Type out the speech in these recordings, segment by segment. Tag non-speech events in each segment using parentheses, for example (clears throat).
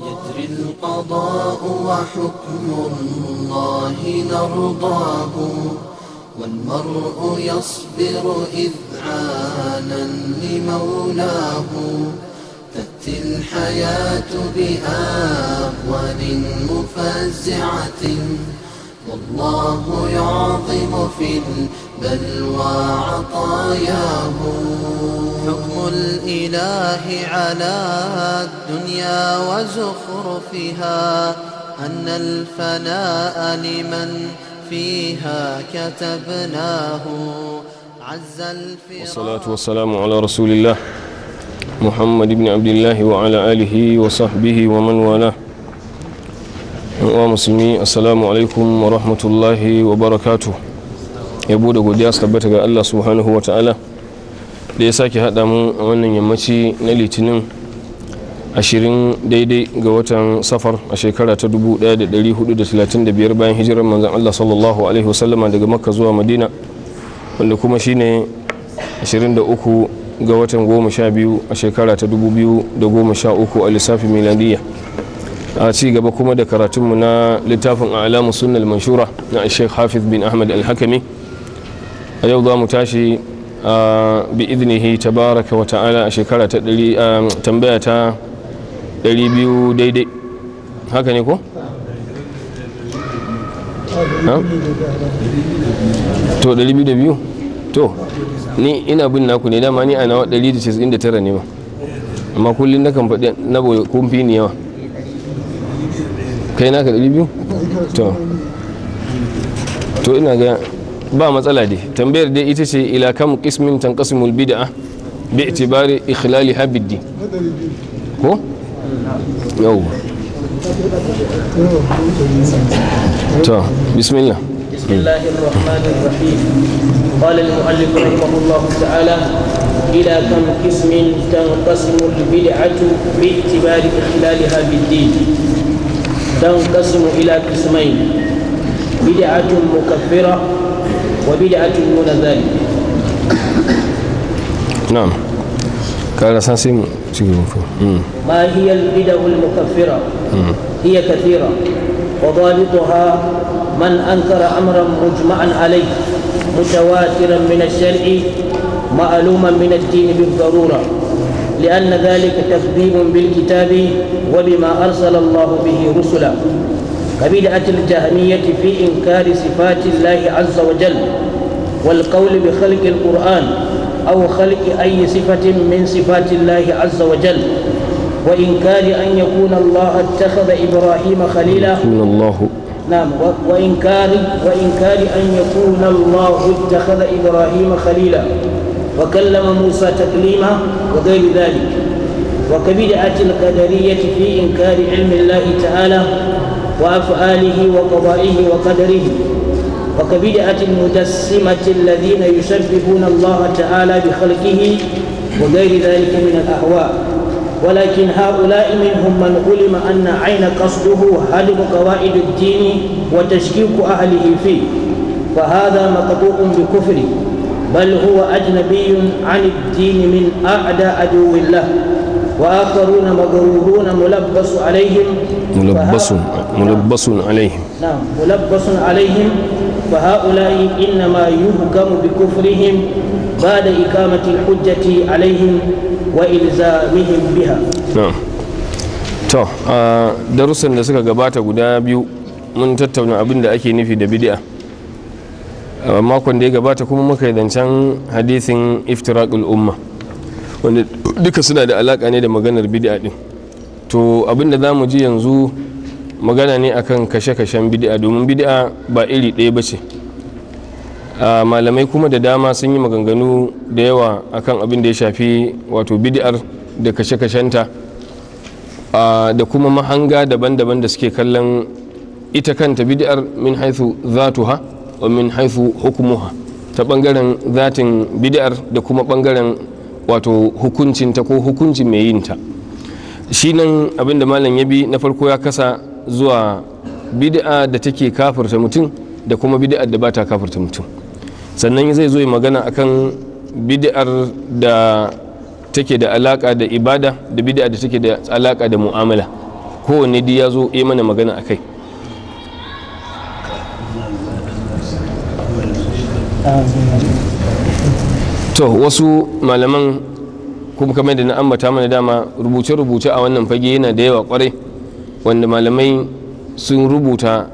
يجري القضاء وحكم الله نرضاه والمرء يصبر إذعانا لمولاه تأتي الحياة بأهون مفزعة والله يعظم في البلوى عطاياه حكم الإله على الدنيا وزخرفها أن الفناء لمن فيها كتبناه عز الفراق والصلاة والسلام على رسول الله محمد بن عبد الله وعلى آله وصحبه ومن والاه wa musulmi assalamu alaikum wa rahmatullahi wa barakatu ya bude godiya su tabbata ga allah subhanahu wa ta'ala da ya sake haɗa mu a wannan yammaci na litinin ashirin daidai ga watan safar a shekara ta 1435 bayan hijirar manzan allah sallallahu alaihi wasallama daga makka zuwa madina wanda kuma shine 23 ga watan 12 a shekara ta 2013 a lissafin miladiyya a ci gaba kuma da karatunmu na littafin alamu sunnal manshura na sheikh hafiz bin ahmad al-hakami a yau za mu tashi bi ta tabaraka wa ta'ala a shekara ta tambaya ta biyu daidai haka ne ko? to biyu da biyu? to ni ina bin naku ne dama ni a nawa tara ne ma amma kullum na kan faɗi na boye kumfi ne yawa كاينه كاينه كاينه تو كاينه كاينه كاينه كاينه كاينه كاينه كاينه كاينه كاينه كاينه كاينه كاينه كاينه كاينه كاينه هو؟ يو طيب بسم الله بسم الله الرحمن الرحيم قال المؤلف رحمه الله تعالى إلى كم قسم تنقسم البدعة باعتبار إخلالها بالدين تنقسم إلى قسمين بدعة مكفرة وبدعة دون ذلك نعم قال ساسي ما هي البدع المكفرة هي كثيرة وضابطها من أنكر أمرا مجمعا عليه متواترا من الشرع معلوما من الدين بالضرورة لأن ذلك تكذيب بالكتاب وبما أرسل الله به رسلا كبدعة الجهمية في إنكار صفات الله عز وجل والقول بخلق القرآن أو خلق أي صفة من صفات الله عز وجل وإنكار أن يكون الله اتخذ إبراهيم خليلا من الله نعم وإنكار وإنكار أن يكون الله اتخذ إبراهيم خليلا وكلم موسى تكليما وغير ذلك وكبدعة القدرية في إنكار علم الله تعالى وأفعاله وقضائه وقدره وكبدعة المجسمة الذين يشبهون الله تعالى بخلقه وغير ذلك من الأهواء ولكن هؤلاء منهم من علم أن عين قصده هدم قواعد الدين وتشكيك أهله فيه فهذا مقطوع بكفره بل هو أجنبي عن الدين من أعدى عدو الله وآخرون مغرورون ملبس عليهم ملبس ملبس عليهم نعم ملبس عليهم فهؤلاء إنما يهكم بكفرهم بعد إقامة الحجة عليهم وإلزامهم بها نعم to darussan da suka gabata guda biyu mun tattauna abin da ake nufi da bid'a makon da ya gabata kuma muka zancen hadisin iftirakul umma wanda duka suna da alaka ne da maganar bid'a din to abinda za mu ji yanzu magana ne akan kashe-kashen bid'a domin bid'a ba iri ɗaya ba ce malamai kuma da dama sun yi maganganu da yawa akan abin da ya shafi wato bid'ar da kashe-kashenta da kuma mahanga daban-daban da suke kallon ita kanta bid'ar min haithu zatuha wa min haifu hukumuha ta bangaren zatin bid'ar da kuma bangaren wato hukuncinta ko hukuncin mai yinta shi nan abinda malam ya bi na farko ya kasa zuwa bid'a da take kafirta mutum da kuma bid'ar da bata kafirta mutum sannan zai zo magana akan bid'ar da take da alaka da ibada da bid'a da take da alaka da mu'amala kowanne dai ya zo mana magana akai to wasu malaman kuma kamar da na ambata mana dama rubuce-rubuce a wannan fage yana da yawa kwarai wanda malamai sun rubuta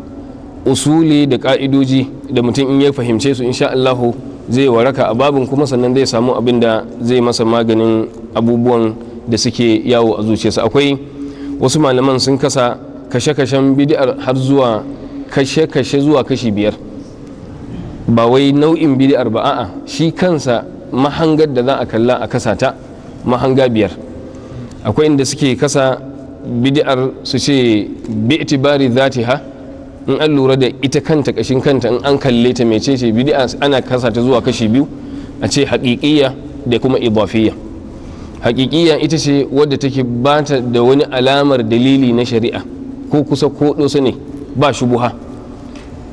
usuli da ka'idoji da mutum in ya fahimce su insha Allahu zai waraka a babin kuma sannan zai samu abin da zai masa maganin abubuwan da suke yawo a zuciyarsa akwai wasu malaman sun kasa kashe-kashen bidiyar har zuwa kashe-kashe zuwa kashi biyar ba wai nau'in bid'ar ba a'a shi kansa mahangar da za a kalla a kasa ta mahanga biyar akwai inda suke kasa bid'ar su ce bi itibari zati ha in an lura da ita kanta kashin kanta in an kalle ta mecece bid'a ana kasa ta zuwa kashi biyu a ce haƙiƙiya da kuma idafiyya haƙiƙiya ita ce wadda take ba ta da wani alamar dalili na shari'a ko kusa ko dosa ne ba shubuha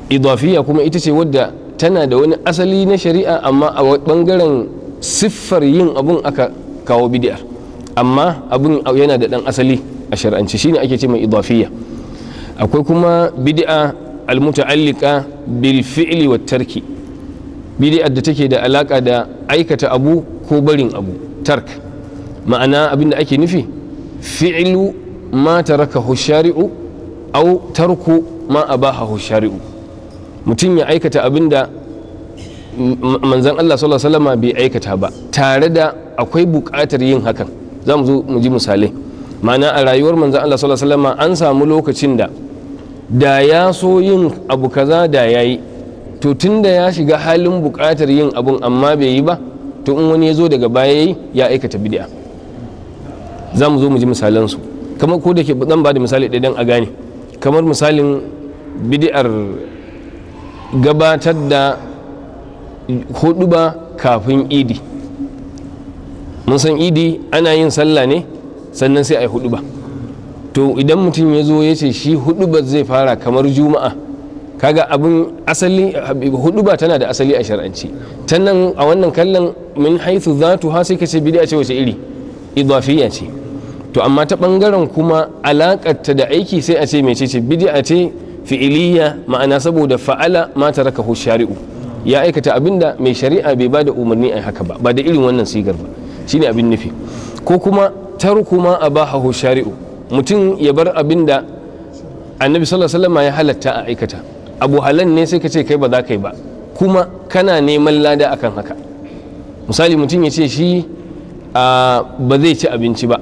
idafiyya kuma ita ce wadda tana da wani asali na shari'a amma a bangaren siffar yin abun aka kawo bidiyar amma abun yana da ɗan asali a shar'anci shine ake ce mai idafiya. akwai kuma bid'a almuta'allika bil fi'li wat tarki bidi'ar da take da alaka da aikata abu ko barin abu tark ma'ana abin da ake nufi fi'lu ma taraka hushari'u, au tarku ma abaha hushari'u. mutum ya aikata abin da manzan Allah sallallahu bai aikata ba tare da akwai buƙatar yin hakan za mu zo mu ji misalai ma'ana a rayuwar manzan Allah sallallahu an samu lokacin da da ya so yin abu kaza da ya yi, to tun da ya shiga halin buƙatar yin abun amma bai yi ba to in wani ya zo daga baya yi ya aikata bidiya za mu zo mu ji misalansu kamar ko da ke zan ba da misali ɗaya don a gane kamar misalin bidiyar gabatar da huɗuba kafin idi mun san idi ana yin sallah ne sannan sai a yi ba to idan mutum ya zo ya ce shi ba zai fara kamar juma'a kaga abin asali ba tana da asali a shar'anci ta a wannan kallon min haithu zatu ha sai ka ce bidi a ce wace iri idafiya ce to amma ta ɓangaren kuma alakarta da aiki sai a ce ce bidi a ce fi'iliya ma'ana saboda fa'ala ma ta tarakahu shari'u ya aikata abinda mai shari'a bai ba da umarni a haka ba ba da irin wannan sigar ba shine abin nufi ko kuma taruku ma abahahu shari'u mutum ya bar abinda annabi sallallahu alaihi wasallam ya halatta a aikata abu halan ne sai ka ce kai ba za ka yi ba kuma kana neman lada akan haka misali mutum ya ce shi ba zai ci abinci ba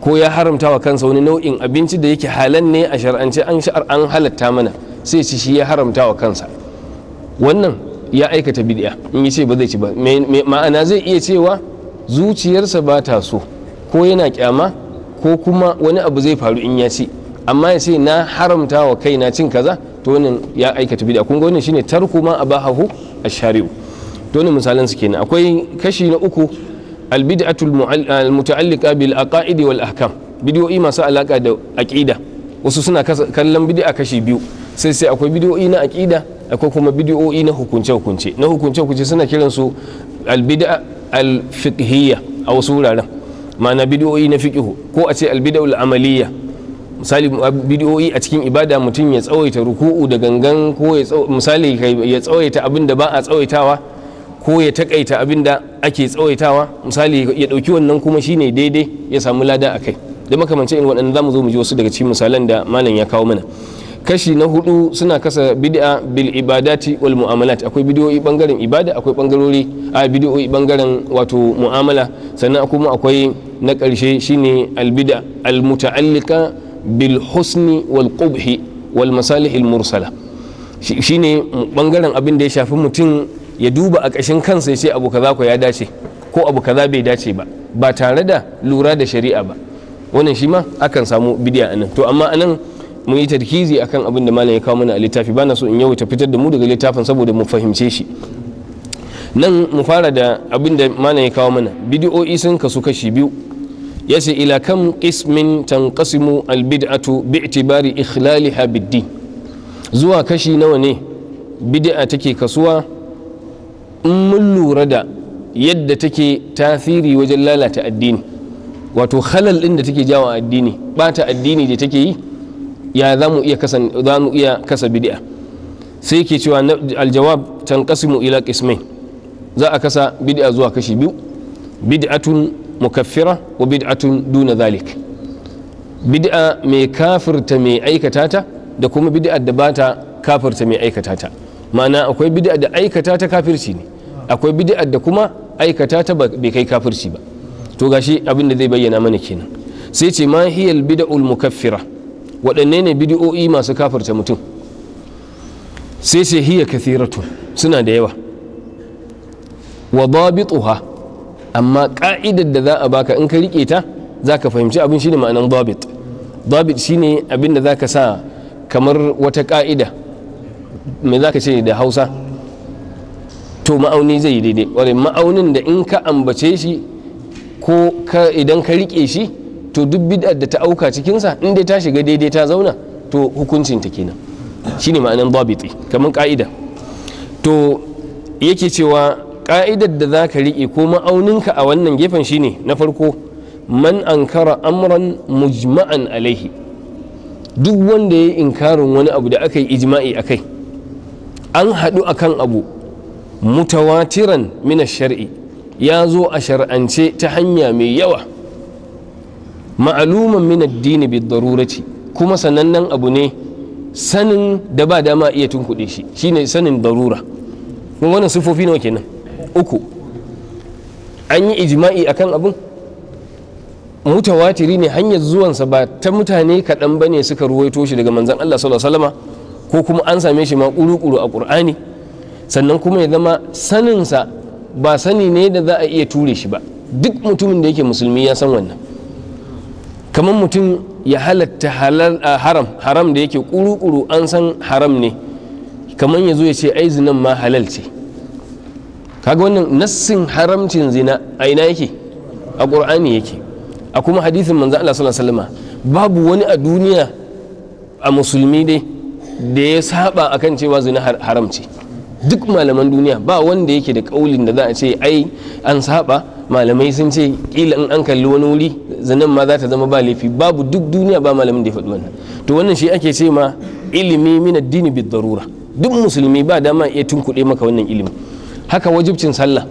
ko ya haramta wa kansa wani nau'in abinci da yake halan ne a shar'ance an sha'ar an halatta mana sai ci shi ya haramta wa kansa wannan ya aikata bid'a in ya ce ba zai ci ba ma'ana zai iya cewa zuciyarsa ba ta so ko yana kyama ko kuma wani abu zai faru in ya ci amma ya ce na haramta wa na cin kaza to wannan ya aikata bid'a kun ga wannan shine tarku ma abahahu ash-shari'u to ne misalan su kenan akwai kashi na uku albid'atu almuta'alliqa bil aqaidi wal ahkam bidiyoyi masu alaka da aqida wasu suna kallon bid'a kashi biyu sai sai akwai bidiyoyi na aqida akwai kuma bidiyoyi na hukunce hukunce na hukunce hukunce suna kiran su albid'a alfiqhiyya a wasu wuraren ma'ana bidiyoyi na fiqhu ko a ce albid'a amaliyya misali bidiyoyi a cikin ibada mutum ya tsawaita ruku'u da gangan ko misali ya tsawaita abin da ba a tsawaitawa ko ya takaita abin da ake tsawaitawa misali ya ɗauki wannan kuma shine daidai ya samu lada a kai da makamancin irin waɗanda za mu zo mu ji wasu daga cikin misalan da malam ya kawo mana kashi na hudu suna kasa bid'a bil ibadati wal mu'amalat akwai bidiyoyi bangaren ibada akwai bangarori a bidiyoyi bangaren wato mu'amala sannan kuma akwai na karshe shine al bid'a al muta'allika bil husni wal qubhi wal masalih al mursala shine bangaren abin da ya shafi mutum ya duba a ƙashin kansa ya ce abu kaza ko ya dace ko abu kaza bai dace ba ba tare da lura da shari'a ba wannan shi ma akan samu bidiya nan. to amma a nan mun yi tarkizi akan abin da malam ya kawo mana a littafi bana so in ta fitar da mu daga littafin saboda mu fahimce shi nan mu fara da abin da malam ya kawo mana bidiyo'i sun kasu kashi biyu ya ce ila kam qismin tanqasimu albid'atu bi'tibari ikhlaliha bid-din zuwa kashi nawa ne bid'a take kasuwa in mun lura da yadda take tasiri wajen lalata addini wato halal ɗin da take jawo addini bata addini da take yi ya za mu iya kasa bid'a sai ke cewa aljawab tanqasimu ila kismai. za a kasa bid'a zuwa kashi biyu bid'atun mukaffira wa bid'atun duna zalik bid'a mai kafirta mai aikata ta da kuma bid'a da bata kafirta mai aikata ta ma'ana akwai bid'a da aikata ta kafirci ne akwai bid'ar da kuma aikata ta bai kai kafirci ba to gashi abin da zai bayyana mana kenan sai ce ma bid'ul mukaffira waɗanne ne bid'o'i masu kafirta mutum sai ce hiya kathiratu suna da yawa wa dabituha amma ka'idar da za a baka in ka rike ta za ka fahimci abin shine ma'anan dabit dabit shine abin da za ka sa kamar wata ka'ida me za ka ce da hausa to ma'auni zai yi daidai wadda ma'aunin da in ka ambace shi ko idan ka riƙe shi to duk bid'ar da ta auka cikinsa in dai ta shiga daidai ta zauna to hukuncin ta kenan shine ma'anan dabiti kamar ka'ida to yake cewa ka'idar da za ka riƙe ko ma'auninka a wannan gefen shine na farko man ankara amran mujma'an alaihi duk wanda ya yi inkarin wani abu da aka yi ijma'i kai an haɗu akan abu mutawatiran min shar'i ya zo a shar'ance ta hanya mai yawa ma'aluman min addini bi darurati kuma sanannen abu ne sanin da ba dama iya tunkuɗe shi shine sanin darura kuma wannan sifofi nawa kenan uku an yi ijma'i akan abun mutawatiri ne hanyar zuwansa ba ta mutane kaɗan ba ne suka ruwaito shi daga manzan Allah sallallahu alaihi ko kuma an same shi ma ƙuru-ƙuru a ƙur'ani sannan kuma ya zama saninsa ba sani ne da za a iya ture shi ba duk mutumin da yake musulmi ya san wannan kamar mutum ya halatta haram haram da yake kuru-kuru an san haram ne kamar ya zo ya ce ai zinan ma halal ce kaga wannan nassin haramcin zina a ina yake a ƙur'ani yake a kuma hadithin manzo Allah sallallahu alaihi wasallam babu wani a duniya a musulmi dai da ya saba akan cewa zina haram ce duk malaman duniya ba wanda yake da kaulin da za a ce ai an saba malamai sun ce kila in an kalli wani wuri zanen ma za ta zama ba laifi babu duk duniya ba malamin da ya faɗi wannan to wannan shi ake ce ma ilimi min addini bi darura duk musulmi ba dama iya tunkuɗe maka wannan ilimi haka wajibcin sallah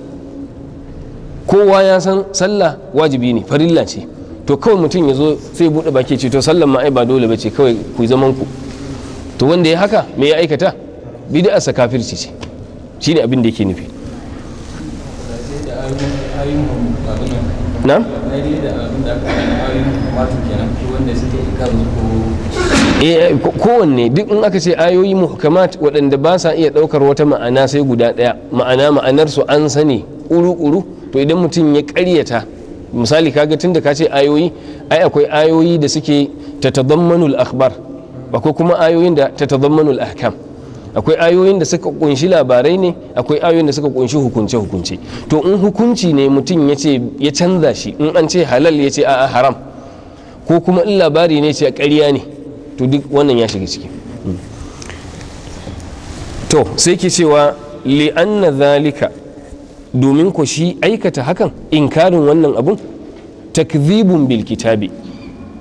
kowa ya san sallah wajibi ne farilla ce to kawai mutum ya zo sai buɗe baki ce to sallan ma ai ba dole ba ce kawai ku zaman ku to wanda ya haka me ya aikata bid'arsa kafirci ce shi ne abin da yake nufi na? Eh, kowanne duk in aka ce ayoyi muhkamat waɗanda ba sa iya ɗaukar wata ma'ana sai guda ɗaya ma'ana ma'anar su an sani uru-uru, to idan mutum ya ƙaryata misali kaga tun da ka ce ayoyi ai akwai ayoyi da suke tatadammanul akhbar akwai kuma ayoyin da tatadammanul ahkam akwai ayoyin da suka kunshi labarai ne akwai ayoyin da suka kunshi hukunce hukunce to in hukunci ne mutum ya ce ya canza shi in an ce halal ya ce a'a haram ko kuma in labari ne ce ƙarya ne to duk wannan ya shiga ciki hmm. to sai ke cewa li'anna zalika domin ku shi aikata hakan inkarin wannan abun takzibun bil kitabi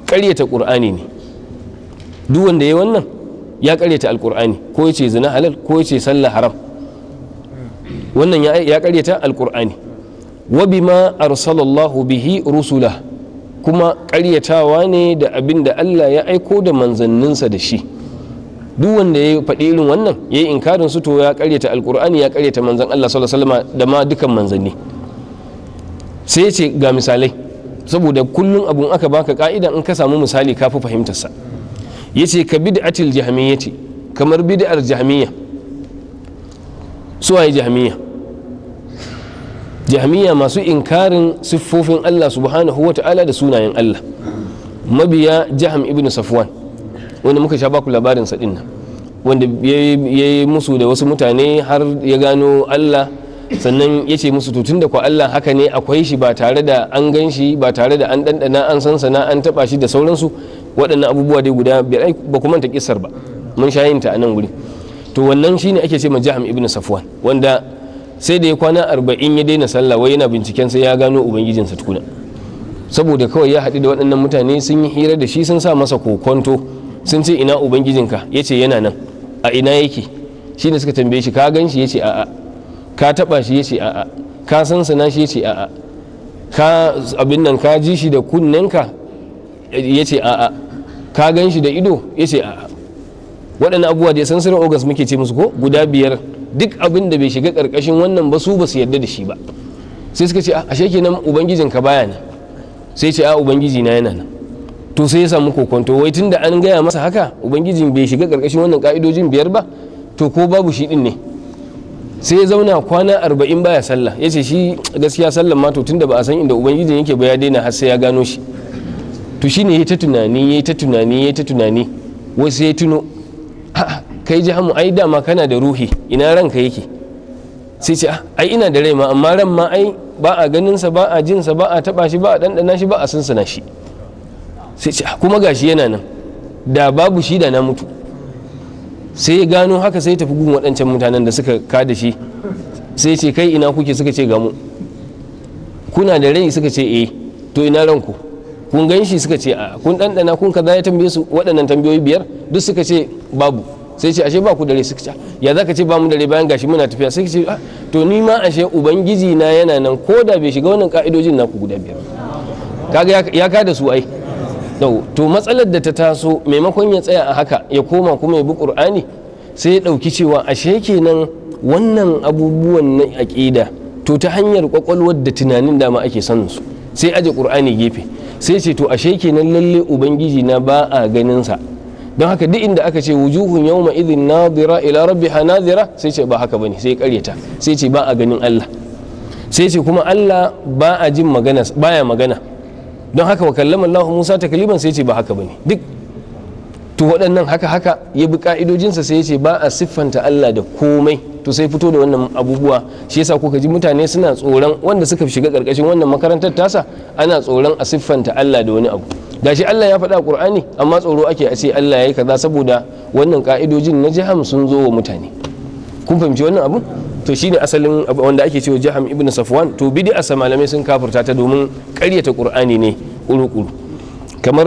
ƙaryata ƙur'ani ne duk wanda ya yi wannan ya karyata alkur'ani ko ya ce zina halal ko ya ce sallah haram wannan ya karyata alkur'ani wa bima arsalallahu bihi rusula kuma karyatawa ne da abin da Allah ya aiko da manzanninsa da shi duk wanda ya faɗi irin wannan ya yi inkarin su to ya karyata alkur'ani ya karyata manzan Allah sallallahu alaihi da ma dukan manzanni sai ya ce ga misalai saboda kullun abun aka baka ka'ida in ka samu misali ka fi fahimtarsa yace ka bid'atil jahmiyyati kamar bid'ar jahmiyya suwaye jahmiyya jahmiyya masu inkarin siffofin Allah subhanahu wa ta'ala da sunayen Allah mabiya jaham ibn safwan wanda muka sha baku labarin sadin nan wanda ya yi musu da wasu mutane har ya gano Allah sannan ya ce musu tutun da kwa Allah haka ne akwai shi ba tare da an gan shi ba tare da an ɗanɗana an sansana an taɓa shi da sauransu waɗannan abubuwa dai guda biyar ai ba ku manta kisar ba mun sha yin ta a nan guri to wannan shine ake ce ma jaham ibn safwan wanda sai da ya kwana arba'in ya daina sallah wai yana binciken sai ya gano ubangijinsa tukuna saboda kawai ya haɗu da waɗannan mutane sun yi hira da shi sun sa masa kokonto sun ce ina ubangijinka ya yana nan a ina yake shi ne suka tambaye shi ka gan shi ya ce a'a ka taɓa shi ya ce a'a ka san sana shi ya ce a'a ka abin nan ka ji shi da kunnenka ya ce a'a ka gan shi da ido ya ce a'a waɗannan abubuwa da san sirar ogas muke ce musu ko guda biyar duk abin da bai shiga ƙarƙashin wannan ba su ba su yarda da shi ba sai suka ce a ashe kenan ubangijin ka baya nan sai ce a ubangiji na yana nan to sai ya samu kokonto wai tun da an gaya masa haka ubangijin bai shiga ƙarƙashin wannan ka'idojin biyar ba to ko babu shi din ne sai ya zauna kwana arba'in baya sallah ya ce shi gaskiya sallan ma to tun da ba a san inda ubangijin yake ba ya daina har sai ya gano shi to shine ya ta tunani ya ta tunani ya ta tunani wasu ya tuno kai ji hamu ai dama kana da ruhi ina ranka yake sai ce ah, ai ina da rai ma amma ran ma ai ba a ganinsa ba a jinsa ba a taba shi ba a dandana shi ba a sunsuna shi sai ce ah, kuma gashi yana nan da babu shi da na mutu sai ya gano haka sai tafi gun waɗancan mutanen da suka ka da shi sai ce kai ina kuke suka ce gamu kuna da rai suka ce eh to ina ranku kun gan shi suka ce a kun ɗanɗana kun kaza ya tambaye su waɗannan tambayoyi biyar duk suka ce babu sai ce ashe ba ku dare suka ce ya za ka ce ba mu dare bayan gashi muna tafiya sai ce to ni ma ashe ubangiji na yana nan ko da bai shiga wannan ka'idojin naku guda biyar kaga ya kada su ai to matsalar da ta taso maimakon ya tsaya a haka ya koma kuma ya bi qur'ani sai ya ɗauki cewa ashe kenan wannan abubuwan na aƙida to ta hanyar kwakwalwar da tunanin dama ake sanin su sai aje qur'ani gefe sai ce to ashe kenan lalle ubangiji na ba a ganin sa don haka duk inda aka ce wujuhun yawma idhin nadira ila rabbiha nadira sai ce ba haka bane sai karyata sai ce ba a ganin Allah sai ce kuma Allah ba a jin magana baya magana don haka wa kallama Allah Musa takliman sai ce ba haka bane duk to waɗannan haka haka ya bi ka'idojinsa sai ya ce ba a siffanta Allah da komai to sai fito da wannan abubuwa shi yasa kuka ji mutane suna tsoron wanda suka shiga ƙarƙashin wannan makarantar tasa ana tsoron a siffanta Allah da wani abu Da shi Allah ya faɗa Qur'ani amma tsoro ake a ce Allah yayi kaza saboda wannan ka'idojin na jaham sun zo wa mutane kun fahimci wannan abu to shine asalin wanda ake cewa jaham ibnu safwan to bid'a malamai sun kafurta ta domin ƙaryata Qur'ani ne kuru kamar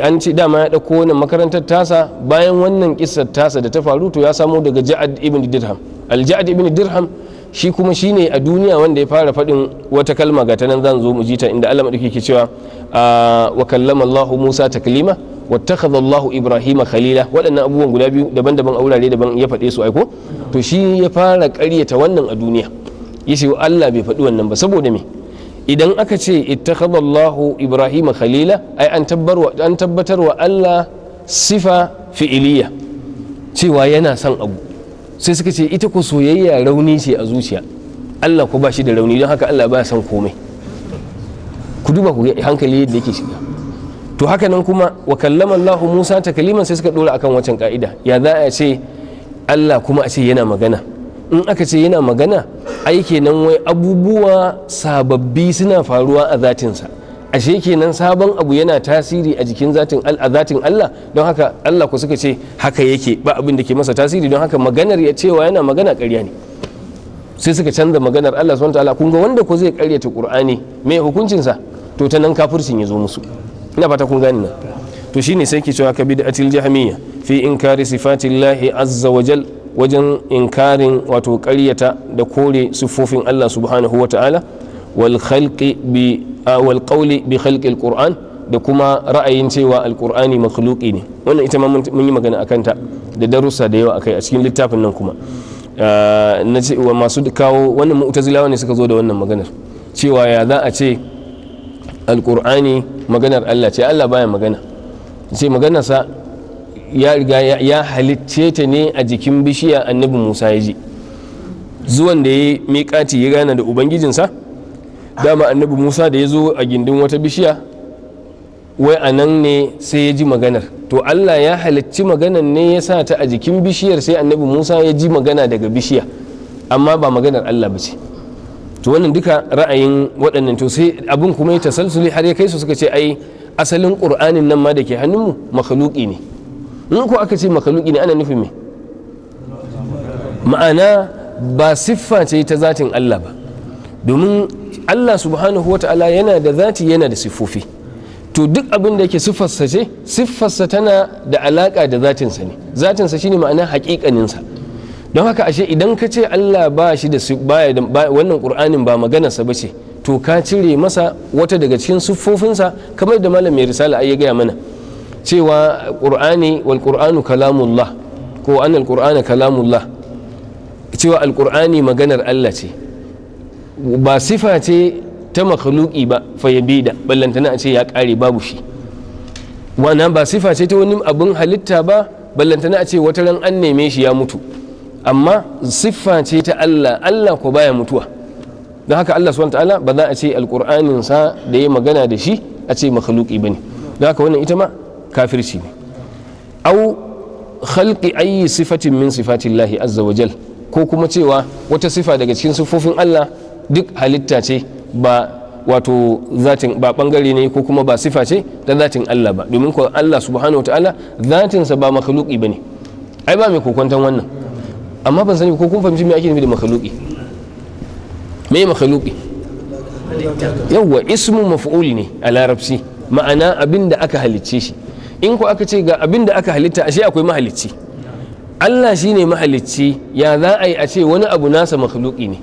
an ci dama ya ɗauko wannan makarantar tasa bayan wannan kisar tasa da ta faru to ya samo daga ja'ad ibn dirham al-ja'ad ibn dirham shi kuma shi ne a duniya wanda ya fara faɗin wata kalma ga tanan zan zo mu jita inda Allah madauki ke cewa ah, wa kallama Allahu Musa taklima wattakhadha Allahu Ibrahima khalila waɗannan abubuwan guda biyu daban-daban a wurare daban ya faɗe su aiko to shi ya fara ƙaryata wannan a duniya ya yace Allah bai faɗi wannan ba saboda me idan aka ce ittakhadallahu ibrahima khalila ai an tabbarwa an tabbatarwa Allah sifa fi'iliya cewa yana son abu sai suka ce ita ku soyayya rauni ce a zuciya Allah ku ba shi da rauni don haka Allah ba son komai ku duba ku hankali yadda yake shiga to haka nan kuma wa kallama Allah Musa ta sai suka dora akan wancan ka'ida ya za a ce Allah kuma a ce yana magana in aka ce yana magana aikenan nan wai abubuwa sababbi suna faruwa a zatinsa ashe kenan sabon abu yana tasiri a jikin zatin Allah don haka Allah ku suka ce haka yake ba abin da ke masa tasiri don haka maganar ya cewa yana magana karya ne sai suka canza maganar Allah subhanahu wataala kun ga wanda ko zai ƙaryata Qur'ani me hukuncin to ta nan kafircin ya zo musu ina fata kun gani nan to shine sai ke cewa ka bid'atil jahmiyya fi inkari sifatillahi azza wa jalla wajen inkarin wato karyata da kore siffofin Allah subhanahu wa ta'ala wal bi halƙi alƙur'an da kuma ra'ayin cewa alƙurani makhluqi ne wannan ita ma mun yi magana a kanta da darussa da yawa akai a cikin littafin nan kuma na ce wa masu kawo wannan mu'tazilawa ne suka zo da wannan maganar cewa ya za a ce alƙur'ani maganar Allah ce Allah baya magana ce maganarsa ya riga ya halicce ta ne a jikin bishiya annabi musa ya ji zuwan da ya miƙati ya gana da ubangijinsa dama annabi musa da ya zo a gindin wata bishiya wai a nan ne sai ya ji maganar to allah ya halicci maganar ne ya sa ta a jikin bishiyar sai annabi musa ya ji magana daga bishiya amma ba maganar allah ba ce to wannan duka ra'ayin waɗannan to sai abin kuma ya tasalsuli har ya kai su suka ce ai asalin ƙur'anin nan ma da ke hannunmu makhluƙi ne in ko aka ce makaluki ne ana nufin me ma'ana ba siffa ce ta zatin Allah ba domin Allah subhanahu wata'ala yana da zati yana da siffofi to duk abin da yake siffarsa ce siffarsa tana da alaka da zatinsa ne zatinsa shine ma'ana hakikaninsa don haka ashe idan ka ce Allah ba shi da wannan qur'anin ba maganarsa ba ce to ka cire masa wata daga cikin siffofinsa kamar da malam mai risala ai ya gaya mana cewa qur'ani wal qur'anu kalamullah ko annal qur'ana kalamullah cewa alqur'ani maganar Allah ce ba sifa ce ta makhluki ba fayabe da ballantana a ce ya ƙare babu shi wannan ba sifa ce ta wani abin halitta ba ballantana a ce wata ran an neme shi ya mutu amma siffa ce ta Allah Allah ko baya mutuwa don haka Allah subhanahu ta'ala ba za a ce Alƙur'aninsa da ya magana da shi a ce makhluki bane don haka wannan ita ma kafirci ne au khalqi ayi sifatin min sifatillahi azza wa jal ko kuma cewa wata sifa daga cikin sifofin Allah duk halitta ce ba wato zatin ba bangare ne ko kuma ba sifa ce ta zatin Allah ba domin ko Allah subhanahu wataala zatinsa ba makhluqi bane ai ba mai kokontan wannan amma ban sani ko kun fahimci me ake nufi da makhluqi me makhluqi yawa ismu maf'ul ne a larabci ma'ana abin da aka halicce shi in ku aka ce ga abin da aka halitta ashe akwai mahalicci Allah shi ne mahalicci ya za a yi a ce wani abu nasa makhluki ne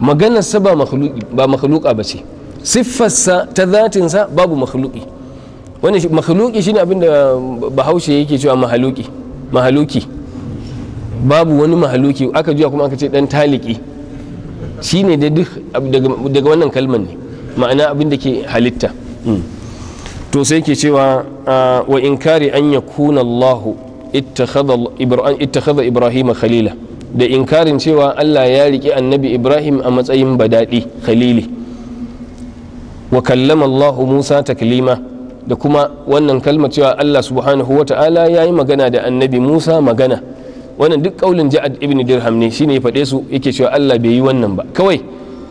maganarsa ba makhluki ba makhluka ba ce siffarsa ta zatinsa babu makhluki wani makhluki ne abin da bahaushe yake cewa mahaluki mahaluki babu wani mahaluki aka juya kuma aka ce dan taliki shi ne daga wannan kalmar ne ma'ana abin da ke halitta hmm. to sai ke cewa ah, wa inkari an ya kuna Allahu ittakhadha Ibrahim khalila da inkarin cewa Allah ya riƙe annabi Ibrahim a matsayin badaɗi khalili wa kallama Allahu Musa taklima da kuma wannan kalma cewa Allah subhanahu wa ta'ala ya yi magana da annabi Musa magana wannan duk kaulin ja'ad ibn dirham ne shine ya faɗe su yake cewa Allah bai yi wannan ba kawai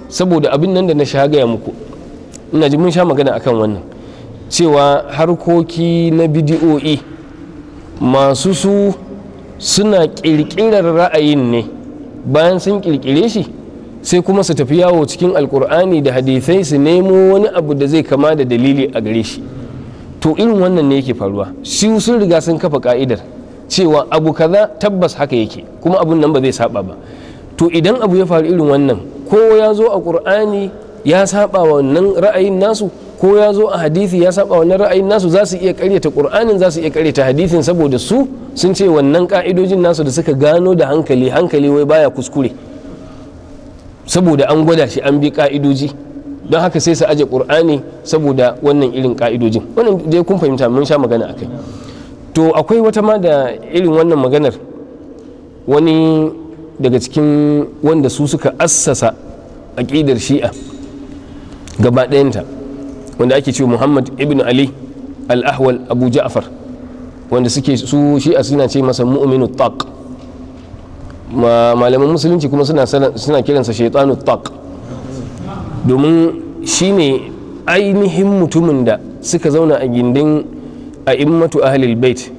saboda abin nan da na sha gaya muku ina ji mun sha magana akan wannan cewa harkoki na bidiyo'i masu su suna ƙirƙirar ra'ayin ne bayan sun ƙirƙire shi sai kuma su tafi yawo cikin alkur'ani da hadisai su nemo wani abu da zai kama da dalili a gare shi to irin wannan ne yake faruwa shi sun riga sun kafa ka'idar cewa abu kaza tabbas haka yake kuma abun nan ba zai saba ba to idan abu ya faru irin wannan ko ya zo a ƙur'ani ya saba wannan ra'ayin nasu ko ya zo a hadisi ya saba wannan ra'ayin nasu za su iya karyata qur'anin za su iya karyata hadisin saboda su sun ce wannan ka'idojin nasu da suka gano da hankali hankali wai baya kuskure saboda an gwada shi an bi ka'idoji don haka sai su aje qur'ani saboda wannan irin ka'idojin wannan dai kun fahimta mun sha magana akai to akwai wata ma da irin wannan maganar wani daga cikin wanda su suka assasa aƙidar shi'a gaba ɗayanta wanda ake cewa muhammad ibn ali al-ahwal abu ja'far wanda suke su a suna ce masa mu'minu taq malaman musulunci kuma suna kiransa shaitanu taq domin shine ainihin mutumin da suka zauna a gindin a immatu ahlul bait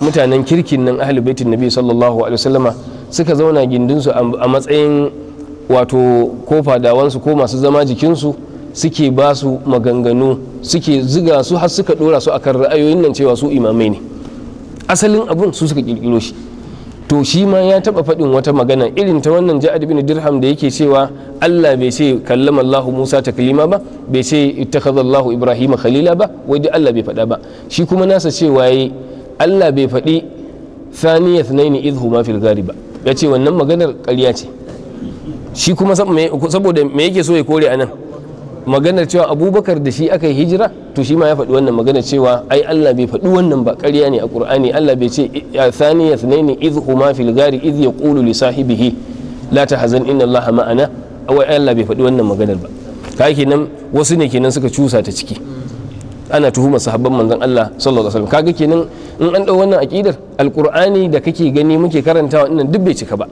mutanen kirkin nan ahlul baitin nabi sallallahu alaihi wasallama suka zauna gindinsu a matsayin wato ko fadawansu ko masu zama jikinsu suke ba su maganganu suke ziga su har suka dora su akan ra'ayoyin nan cewa su imamai ne asalin abun su suka kirkiro shi to shi ma ya taba faɗin wata magana irin ta wannan ja'ad bin dirham da yake cewa Allah bai ce kallama Allah Musa taklima ba bai ce ittakhadha Allah Ibrahim khalila ba wai duk Allah bai faɗa ba shi kuma nasa cewa yayi Allah bai faɗi thaniya thnaini idhuma fil ghariba ya ce wannan maganar ƙarya ce shi kuma saboda me yake so ya kore anan maganar cewa abubakar da shi aka yi hijira to shi ma ya faɗi wannan magana cewa ai allah bai faɗi wannan ba ƙarya ne a ƙur'ani allah bai ce Al-Sani ya ne iz huma fil gari ya ƙulu li sahibihi la ta hazan inna allah ma'ana awai allah bai faɗi wannan maganar ba ka kenan wasu ne kenan suka cusa ta ciki ana tuhumar sahabban manzon Allah sallallahu alaihi wasallam kaga kenan in an dau wannan aqidar alqur'ani da kake gani muke karantawa innan duk bai cika ba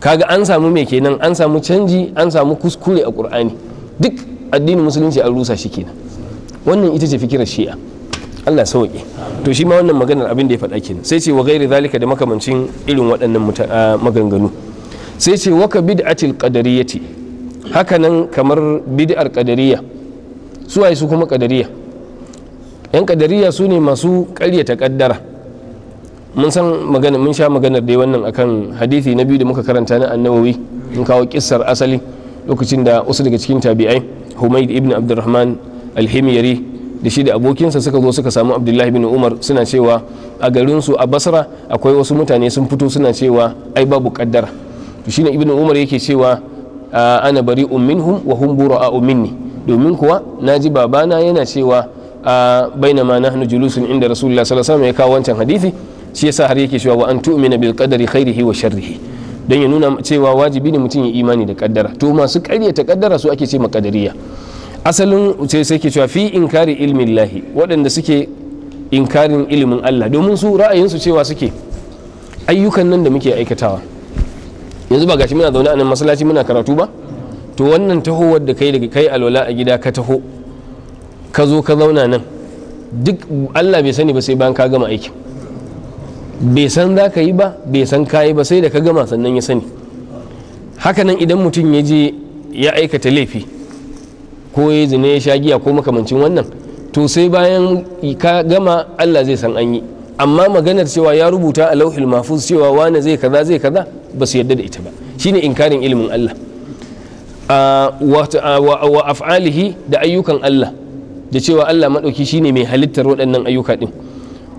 kaga an samu me kenan an samu canji an samu kuskure a qur'ani duk addinin musulunci an rusa shi kenan wannan ita ce fikirar shi'a Allah sauƙi to shi ma wannan maganar abin da ya faɗa kenan sai ce wa gairi zalika da makamancin irin waɗannan maganganu sai ce waka bid'atil qadariyati nan kamar bid'ar qadariya su su kuma qadariya yan qadariya su ne masu ƙaryata kaddara mun san magana mun sha maganar dai wannan akan hadisi na biyu da muka karanta na annawawi mun kawo kissar asali lokacin da wasu daga cikin tabi'ai humaid ibn abdurrahman alhimiyari da shi da abokinsa suka zo suka samu abdullahi bin umar suna cewa a garinsu a basra akwai wasu mutane sun fito suna cewa ai babu kaddara to shine ibn umar yake cewa ana bari umminhum wa hum bura'a minni domin kuwa naji babana yana cewa ma nahnu julusun inda rasulullah sallallahu alaihi wasallam ya kawo wancan hadisi shi yasa har yake cewa wa an tu'mina bil qadari khairihi wa sharrihi don ya nuna cewa wajibi ne mutum ya imani da kaddara to masu ta kaddara su ake ce makadariya asalin sai sai ke cewa fi inkari ilmin lahi waɗanda suke inkarin ilimin Allah domin su ra'ayinsu cewa suke ayyukan nan da muke aikatawa yanzu ba gashi muna zaune a nan masallaci muna karatu ba to wannan tahowar da kai daga kai alwala a gida ka taho ka zo ka zauna nan duk Allah bai sani ba sai bayan ka gama aikin bai san za ka yi ba bai san ka yi ba sai da ka gama sannan ya sani hakanan idan mutum ya je ya aikata laifi ko ya zina ya sha giya ko makamancin wannan to sai bayan ka gama allah zai san an yi amma maganar cewa ya rubuta a lauhil mafuz cewa wane zai kaza zai kaza ba su yadda da ita ba shine inkarin ilimin allah wa af'alihi da ayyukan allah da cewa allah maɗauki shine mai halittar waɗannan ayyuka ɗin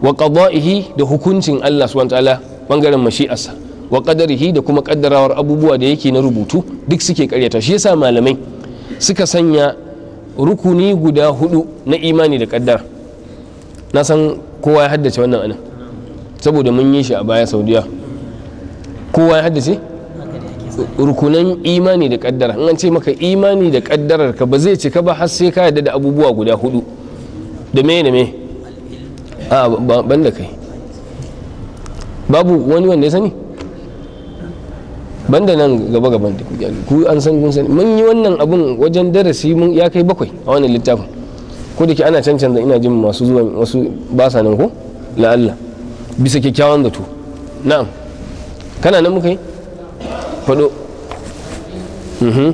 wa qada'ihi da hukuncin Allah subhanahu ta'ala bangaren mashi'arsa wa qadarihi da kuma ƙaddarawar abubuwa da yake na rubutu duk suke karyata shi yasa malamai suka sanya rukuni guda hudu na imani da kaddara na san kowa ya haddace wannan anan saboda mun yi shi a baya saudiya kowa ya haddace rukunan imani da kaddara in an ce maka imani da kaddarar ka ba zai cika ba har sai ka yadda da abubuwa guda hudu da me da a ban da kai babu wani wanda ya sani ban da nan gaba gaban da ku an san kun sani mun yi wannan abun wajen darasi mun ya kai bakwai a wannan littafin ko da ke ana cancanza ina jin masu zuwa wasu ba sa nan ko la'alla bisa kyakkyawan zato na'am kana nan muka yi faɗo mhm.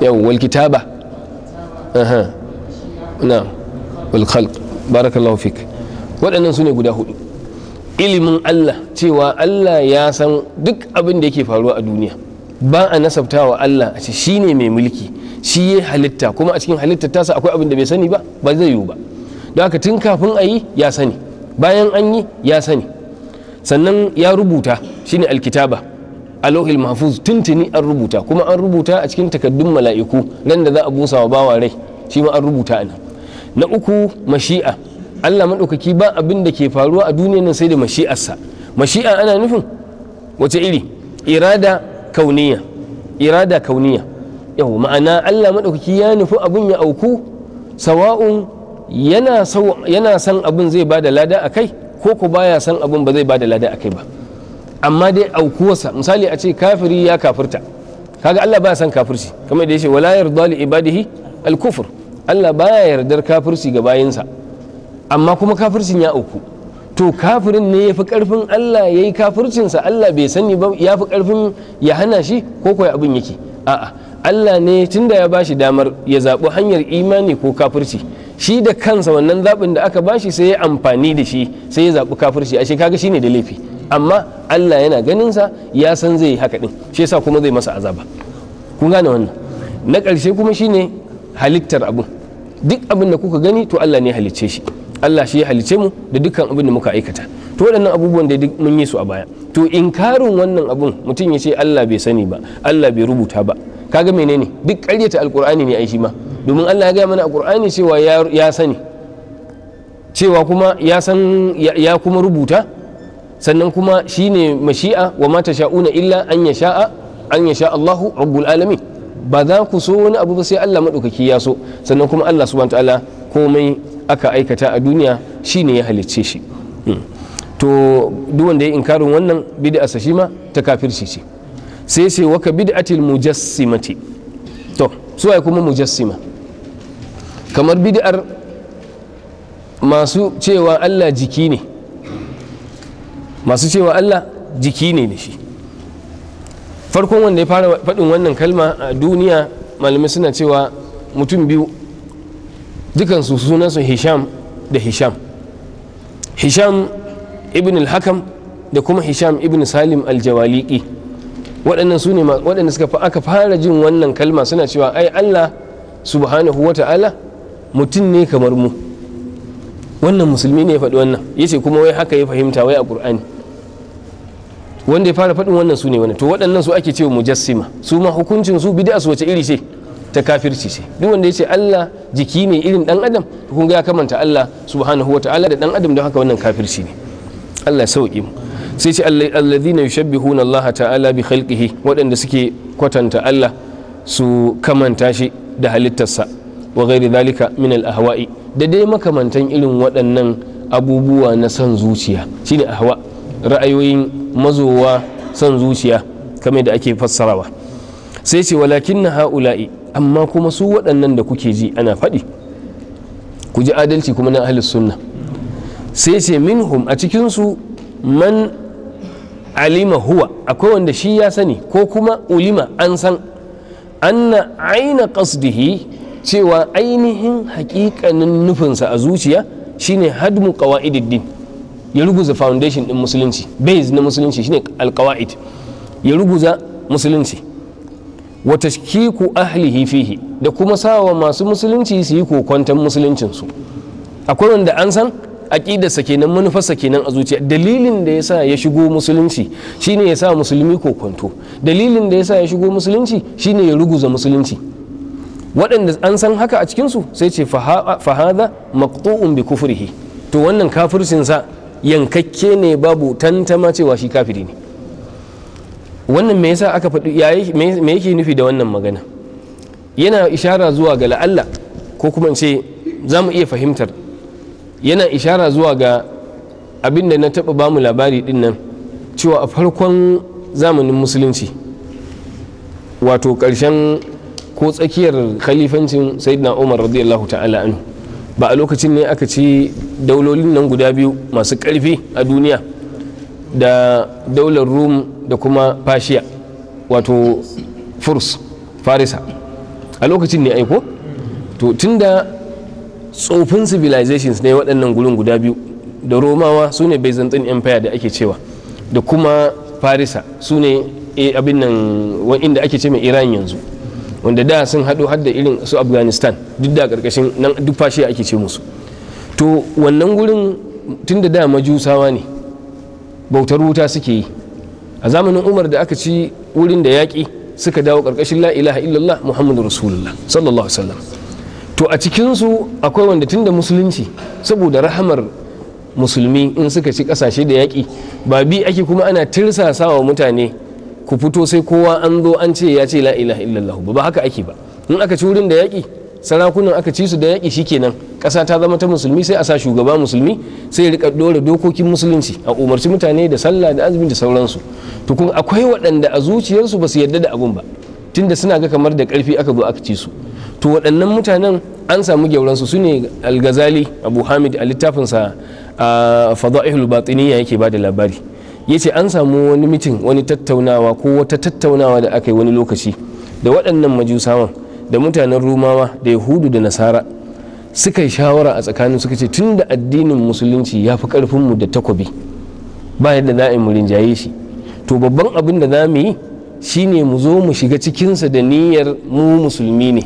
yau wal kitaba na'am walkhalq barakallahu fik waɗannan su ne guda hudu ilimin Allah cewa Allah ya san duk abin da yake faruwa a duniya ba a nasabta wa Allah a ce shi ne mai mulki shi ya halitta kuma a cikin halitta tasa akwai abin da bai sani ba ba zai yiwu ba don haka tun kafin a yi ya sani bayan an yi ya sani sannan ya rubuta shi ne alkitaba a mahfuz tuntuni an rubuta kuma an rubuta a cikin takaddun mala'iku nan da za a busa wa bawa rai shi ma an rubuta a nan na uku mashi'a Allah maɗaukaki ba abin da ke faruwa a duniya nan sai da mashi'arsa mashi'a ana nufin wace iri irada kauniya irada kauniya yau ma'ana Allah maɗaukaki ya nufi abin ya auku sawa'un yana san abin zai ba da lada a kai ko ku baya san abin ba zai ba da lada a kai ba amma dai aukuwarsa misali a ce kafiri ya kafirta kaga Allah ba son kafirci kamar da ya ce wala yarda li ibadihi al-kufr Allah baya yardar kafirci ga bayinsa amma kuma kafircin ya uku to kafirin ne ya fi karfin Allah ya yi kafircinsa Allah bai sani ba ya fi karfin ya hana shi ko kuwa abin yake a'a Allah ne tunda ya ba shi damar ya zaɓi hanyar imani ko kafirci shi da kansa wannan zaɓin da aka bashi sai ya amfani da shi sai ya zaɓi kafirci ashe kaga shine da laifi amma Allah yana ganinsa ya san zai yi haka din shi yasa kuma zai masa azaba kun gane wannan na ƙarshe kuma shine halittar abin duk abin da kuka gani to Allah ne ya halicce shi Allah shi ya halicce mu da dukkan abin da muka aikata to waɗannan abubuwan da duk mun yi su a baya to inkarin wannan abun mutum ya ce Allah bai sani ba Allah bai rubuta ba kaga menene duk ƙaryata alkur'ani ne ai shi ma domin Allah ya gaya mana alkur'ani cewa ya sani cewa kuma ya san ya kuma rubuta sannan kuma shine mashi'a wa mata sha'una illa an yasha'a an yasha Allahu rabbul alamin ba za ku so wani abu ba sai Allah maɗaukaki ya so sannan kuma Allah subhanahu ta'ala komai aka aikata a duniya shine ya halicce shi hmm. to duk wanda ya inkarin wannan bid'a sa shi ma ta kafirci ce sai sai waka bid'atil mujassimati to su kuma mujassima kamar bid'ar masu cewa Allah jiki ne masu cewa Allah jiki ne da shi farkon wanda ya fara faɗin wannan kalma a duniya malamai suna cewa mutum biyu dukansu sunansu hisham da hisham hisham ibn al-hakam da kuma hisham ibn salim al-jawaliki waɗannan su ne waɗanda suka aka fara jin wannan kalma suna cewa ai allah subhanahu wa ta'ala mutum ne kamar mu wannan musulmi ne ya faɗi wannan ya ce kuma wai haka ya fahimta wai a ƙur'ani wanda ya fara faɗin wannan su ne wani to waɗannan su ake cewa mujassima su ma hukuncin su bid'a su wace iri ce ta kafirci ce duk wanda ya ce Allah jiki ne irin dan adam kun ga ya kamanta Allah subhanahu wataala da dan adam don haka wannan kafirci ne Allah sauki mu sai ce alladhina yushabbihuna Allah ta'ala bi khalqihi waɗanda suke kwatanta Allah su kamanta shi da halittarsa wa ghairi dalika min al ahwa'i da dai makamantan irin waɗannan abubuwa na son zuciya shine ahwa' ra'ayoyin mazowa son zuciya kame da ake fassarawa sai ce walakin na ha'ula'i amma kuma su waɗannan da kuke ji ana faɗi ku ji adalci kuma na ahalis sunna sai ce hum a cikinsu man alima huwa akwai wanda shi ya sani ko kuma ulima an san anna aina qasdihi cewa ainihin hakikanin nufinsa a zuciya shine hadmu qawaididdin ya ruguza foundation din musulunci base na musulunci shine alqawaid ya ruguza musulunci wa tashkiku ahlihi fihi da kuma sawa masu musulunci su yi musuluncin musuluncinsu akwai wanda an san aƙidarsa kenan manufarsa kenan a zuciya dalilin da yasa ya shigo musulunci shine ya sa musulmi kokonto dalilin da yasa ya shigo musulunci shine ya ruguza musulunci waɗanda an san haka a cikinsu sai ce fahada maqtu'un bi kufrihi to wannan kafircinsa yankakke ne babu tantama cewa shi kafiri ne wannan me yasa aka faɗi me yake nufi da wannan magana yana ishara zuwa ga la'alla ko kuma ce za mu iya fahimtar yana ishara zuwa ga abin da na taɓa bamu labari ɗin nan cewa a farkon zamanin musulunci wato ƙarshen ko tsakiyar khalifancin sayyidina umar radiyallahu ta'ala anhu ba a lokacin ne aka ci daulolin nan guda biyu masu ƙarfi a duniya da daular rum da kuma fashiya wato furs farisa a lokacin ne aiko to tun da tsofin civilizations ne waɗannan gurin guda biyu da romawa su ne byzantine empire da ake cewa da kuma farisa su ne eh, abin nan inda ake ce mai iran yanzu wanda da sun haɗo har irin su afghanistan duk da ƙarƙashin nan duk fashi ake ce musu to wannan gurin tun da da majusawa ne bautar wuta suke yi a zamanin umar da aka ci wurin da yaƙi suka dawo ƙarƙashin la ilaha illallah muhammadu rasulullah sallallahu alaihi wasallam to a cikinsu akwai wanda tun da musulunci saboda rahamar musulmi in suka ci ƙasashe da yaƙi ba bi ake kuma ana tirsasa wa mutane ku fito sai kowa an zo an ce ya ce la ilaha illallah ba haka ake ba in aka ci wurin da yaƙi sarakunan aka ci su da yaƙi kenan. ƙasa ta zama ta musulmi sai a sa shugaba musulmi sai rika dora dokokin musulunci a umarci mutane da sallah da azumi da sauransu to kun akwai waɗanda a zuciyarsu ba su yarda da abun ba tunda suna ga kamar da ƙarfi aka zo aka ci su to waɗannan mutanen an samu gyauransu su ne Al-Ghazali abu hamid a littafinsa a fada'ihul batiniya yake ba da labari ya ce an samu wani mitin wani tattaunawa ko wata tattaunawa da aka yi wani lokaci da waɗannan majusawan da mutanen rumawa da yahudu da nasara suka yi shawara a tsakanin suka ce tun da addinin musulunci ya fi ƙarfinmu da takobi ba yadda za a yi mu rinjaye shi to babban abin da za mu yi shine mu zo mu shiga cikinsa da niyyar mu musulmi ne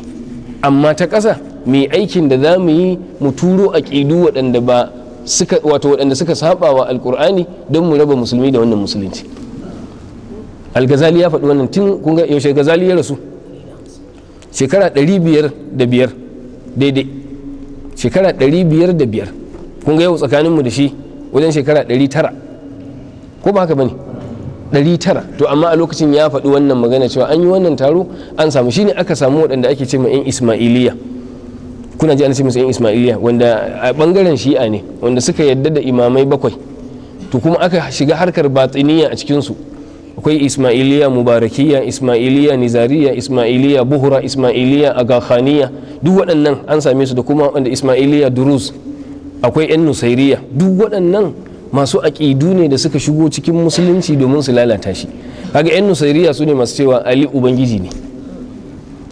amma ta ƙasa mai aikin da za mu yi mu turo aƙidu waɗanda ba suka wato waɗanda suka saba wa alkur'ani don mu raba musulmi da wannan musulunci algazali ya faɗi wannan tun kun ga yaushe gazali ya rasu shekara ɗari biyar da biyar daidai shekara ɗari biyar da biyar kun ga yau tsakaninmu da shi wajen shekara ɗari tara ko ba haka ba ne? ɗari tara to amma a lokacin ya faɗi wannan magana cewa an yi wannan taro an samu shine aka samu waɗanda ake ce ma 'yan ismailiya kuna ji ana ce musu ismailiya wanda a bangaren shi'a ne wanda suka yadda da imamai bakwai to kuma aka shiga harkar batiniya a cikin su akwai ismailiya mubarakiya ismailiya nizariya ismailiya buhura ismailiya agakhaniya duk waɗannan an same su da kuma wanda ismailiya durus akwai yan nusairiya duk waɗannan masu aƙidu ne da suka shigo cikin musulunci domin su lalata shi kaga yan nusairiya su ne masu cewa ali ubangiji ne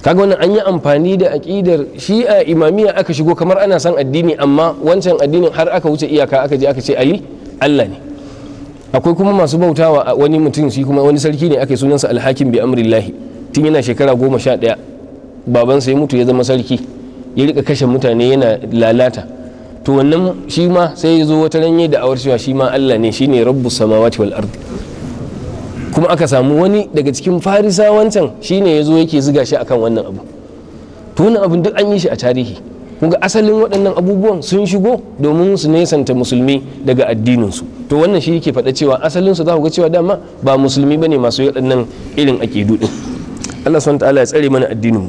kaga wannan an yi amfani da aƙidar shi'a imamiya aka shigo kamar ana san addini amma wancan addinin har aka wuce iyaka aka je aka ce ali allah ne akwai kuma masu bautawa wani mutum shi kuma wani sarki ne aka sunansa alhakin bi amrillahi tun yana shekara goma sha ɗaya babansa ya mutu ya zama sarki ya rika kashe mutane yana lalata to wannan shi ma sai ya zo wata ranye da awar cewa shi ma allah ne shi ne Rabbu samawati wal ardi kuma aka samu wani daga cikin farisa wancan shine ya zo yake ziga shi akan wannan abu to wannan abin duk an yi shi a tarihi kuma asalin waɗannan abubuwan sun shigo domin su nesanta musulmi daga addininsu to wannan shi yake faɗa cewa asalinsu za ku ga cewa dama ba musulmi bane masu waɗannan irin aƙidu ɗin Allah subhanahu ta'ala ya tsare mana addinin